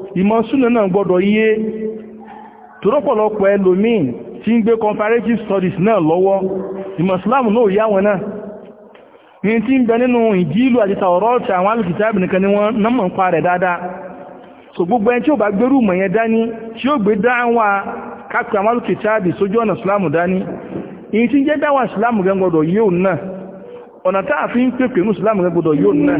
ìmọ̀ súnà náà gbọ́dọ̀ yé tòrọ́pọ̀lọpọ̀ ẹlòmíì tí ń gbé comparative studies náà lọ́wọ́ ìmọ̀ Islam náà yá wọn náà ní tí ń bẹ nínú ìjílù àti tàwọ̀rọ̀ọ̀tì àwọn alùkìtàbì nìkan ni wọ́n náà ń pa rẹ̀ dáadáa so gbogbo ẹni tí ó bá gbérù mọ̀ yẹn dání tí ó gbé dáwà kápẹ́ àwọn sójú ọ̀nà Islam dání tí ń jẹ́ dáwà Islam gẹ́gbọ́dọ̀ yóò náà ọ̀nà fi ń pèpè ní Islam gẹ́gbọ́dọ̀ yóò náà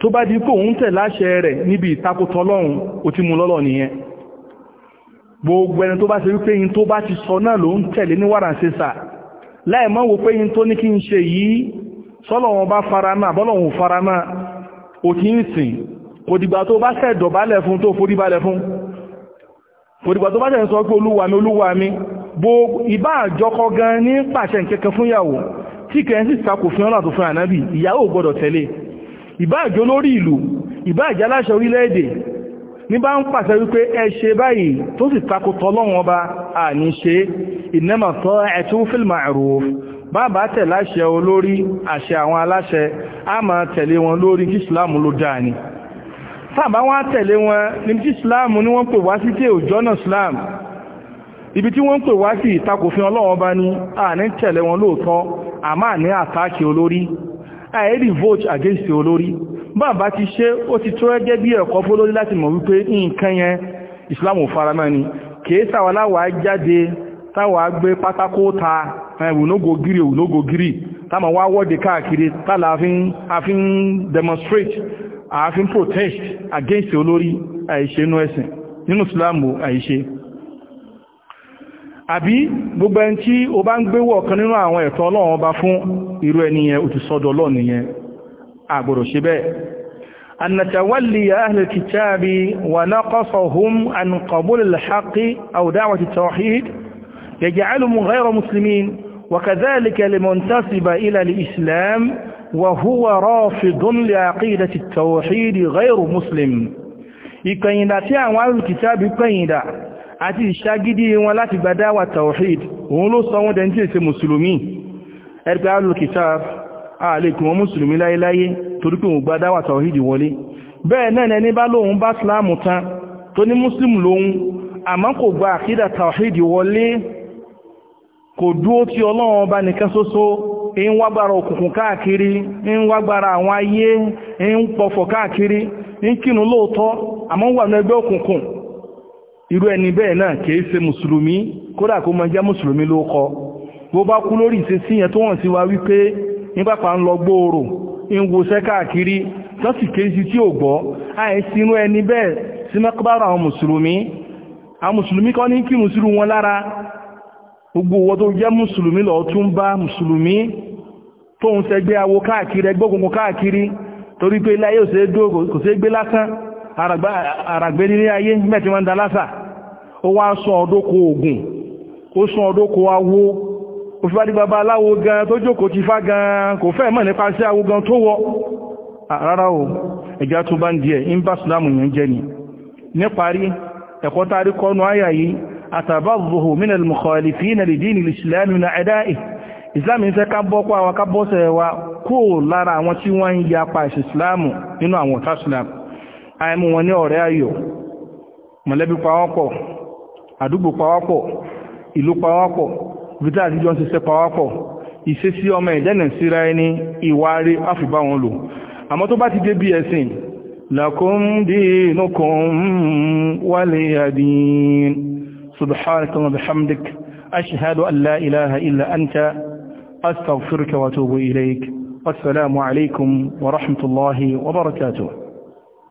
tó bá di pé òun tẹ̀ láṣẹ rẹ̀ níbi ìtakòtọ́ lọ́run ó ti mú lọ́lọ́ nìyẹn gbogbo ẹni tó bá ṣe wípé yín tó bá ti sọ náà ló ń tẹ̀lé ní wàràǹsẹ́sà láìmọ́ wo pé yín tó ní kí n ṣe yìí sọ́lọ̀wọ́n bá fara náà bọ́lọ̀wọ́n fara náà ò kí ń sìn kò dìgbà tó bá ṣẹ̀ dọ̀bálẹ̀ fún tó forí balẹ̀ fún kò dìgbà tó bá ṣẹ̀ sọ pé olúwa mi olúwa mi bo ìbá àjọkọ gan ní pàṣẹ nkẹkẹ fún ìyàwó tí kẹ́ ń sì takò fún ọ̀nà tó fún ìbáàjò lórí ìlú ìbáàjá aláṣẹ orílẹ̀-èdè ní bá ń pàṣẹ wípé ẹ ṣe báyìí tó sì takòtọ́ lọ́wọ́n ọba àní ṣe ìnẹ́mà tọ́ ẹ̀tún fílmà ẹ̀rọ bàbá tẹ̀lé àṣẹ olórí àṣẹ àwọn aláṣẹ a máa tẹ̀lé wọn lórí kí Islam ló dáa ni sáàbá wọ́n tẹ̀lé wọn ní kí Islam ní wọ́n pè wá sí tí òjò náà Islam ibi tí wọ́n pè wá sí ìtakòfin ọlọ́wọ́n ọba ni àní tẹ̀lé wọn lóòótọ́ àmà ní àtàkì olórí àì vote against the olórí bàbá ti ṣe ó ti tó ẹgẹ́ bí ẹ̀kọ́ fólórí láti mọ̀ wípé nǹkan yẹn Islam ò faramọ́ ni kìí sàwà láwàá jáde táwàá gbé pátákó ta ìwùnógó gírí ìwùnógó gírí táàmà wá wọ́de káàkiri tààlà àfin demonstrate àfin protest against olórí àìṣe nínú ẹ̀sìn nínú Islam àìṣe àbí gbogbo ẹni tí o bá ń gbéwọ̀ kan nínú àwọn ẹ̀tọ́ ọlọ́run ọba fún irú ẹni yẹn o ti sọ́dọ̀ ọlọ́run nìyẹn àgbọ̀dọ̀ ṣe bẹ́ẹ̀ ànàtàwálì ahlẹ̀ kìtà bí wà أن تولي أهل الكتاب ونقصهم عن قبول الحق أو دعوة التوحيد يجعلهم غير مسلمين وكذلك لمنتسب إلى الإسلام وهو رافض لعقيدة التوحيد غير مسلم ìkẹyìndà tí àwọn alùkìtàbí kẹyìndà àti ìṣàgídí wọn láti gba dáwà tawhid òun ló sọ wọ́n dẹni tí èsẹ mùsùlùmí ẹgbẹ́ alùkìtàb àlèkùn wọn mùsùlùmí láyéláyé torí pé òun gba dáwà tawhid wọlé bẹ́ẹ̀ náà ẹni bá lóun bá sílámù tán tó ní mùsùlùmí lóun àmọ́ kò gba àkídà tawhid wọlé kò dúó tí ọlọ́run ọba nìkan ṣoṣo ń òkùnkùn káàkiri ń àwọn ayé ń káàkiri ń kírun àmọ́ wà ní ẹgbẹ́ òkùnkùn irú ẹni bẹ́ẹ̀ náà kìí ṣe mùsùlùmí kódà kó máa jẹ́ mùsùlùmí ló kọ bó bá kú lórí ìṣesí yẹn tó hàn sí wa wípé nípapà ń lọ gbòòrò ń woṣẹ́ káàkiri lọ́sì kejì tí ò gbọ́ àìsí inú ẹni bẹ́ẹ̀ sí mẹ́kọ́bára àwọn mùsùlùmí àwọn mùsùlùmí kọ́ ní kí mùsùlùmí wọn lára gbogbo owó tó jẹ́ mùsùlùmí lọ tún bá torí pé ilé ayé kò ṣeé gbé lásán àràgbé nílé ayé mẹ́tí wọ́n ń da ó wá sọ ọdókò ògùn ó sọ ọdókò awó kò fi bá bàbá aláwo gan tó jókòó ti fá gan kò fẹ́ mọ̀ nípa sí awó gan tó wọ rárá o ẹ̀já tó bá ń di ẹ̀ ń bá yẹn jẹ́ ni níparí ẹ̀kọ́ kọ́nu yìí na ẹ̀dáì ìsìlámi ń fẹ́ ká àwọn kábọ́sẹ̀ wa kó ya pa ìsìsìlámù nínú àwọn ọ̀tá àìmú wọn ní ọ̀rẹ́ ayò àdúgbò pawápọ̀ ìlú pawápọ̀ bíta àtijọ́ ti ṣe pawápọ̀ ìṣesí ọmọ ìdẹ́nà síra ẹni ìwà rí áfìbá wọn lò àmọ́ tó bá ti dé bí ẹ̀sìn lakum dinukum waliyadin subhanaka wa bihamdik ashhadu an la ilaha illa anta astaghfiruka wa atubu ilayk assalamu alaikum wa rahmatullahi wa barakatuh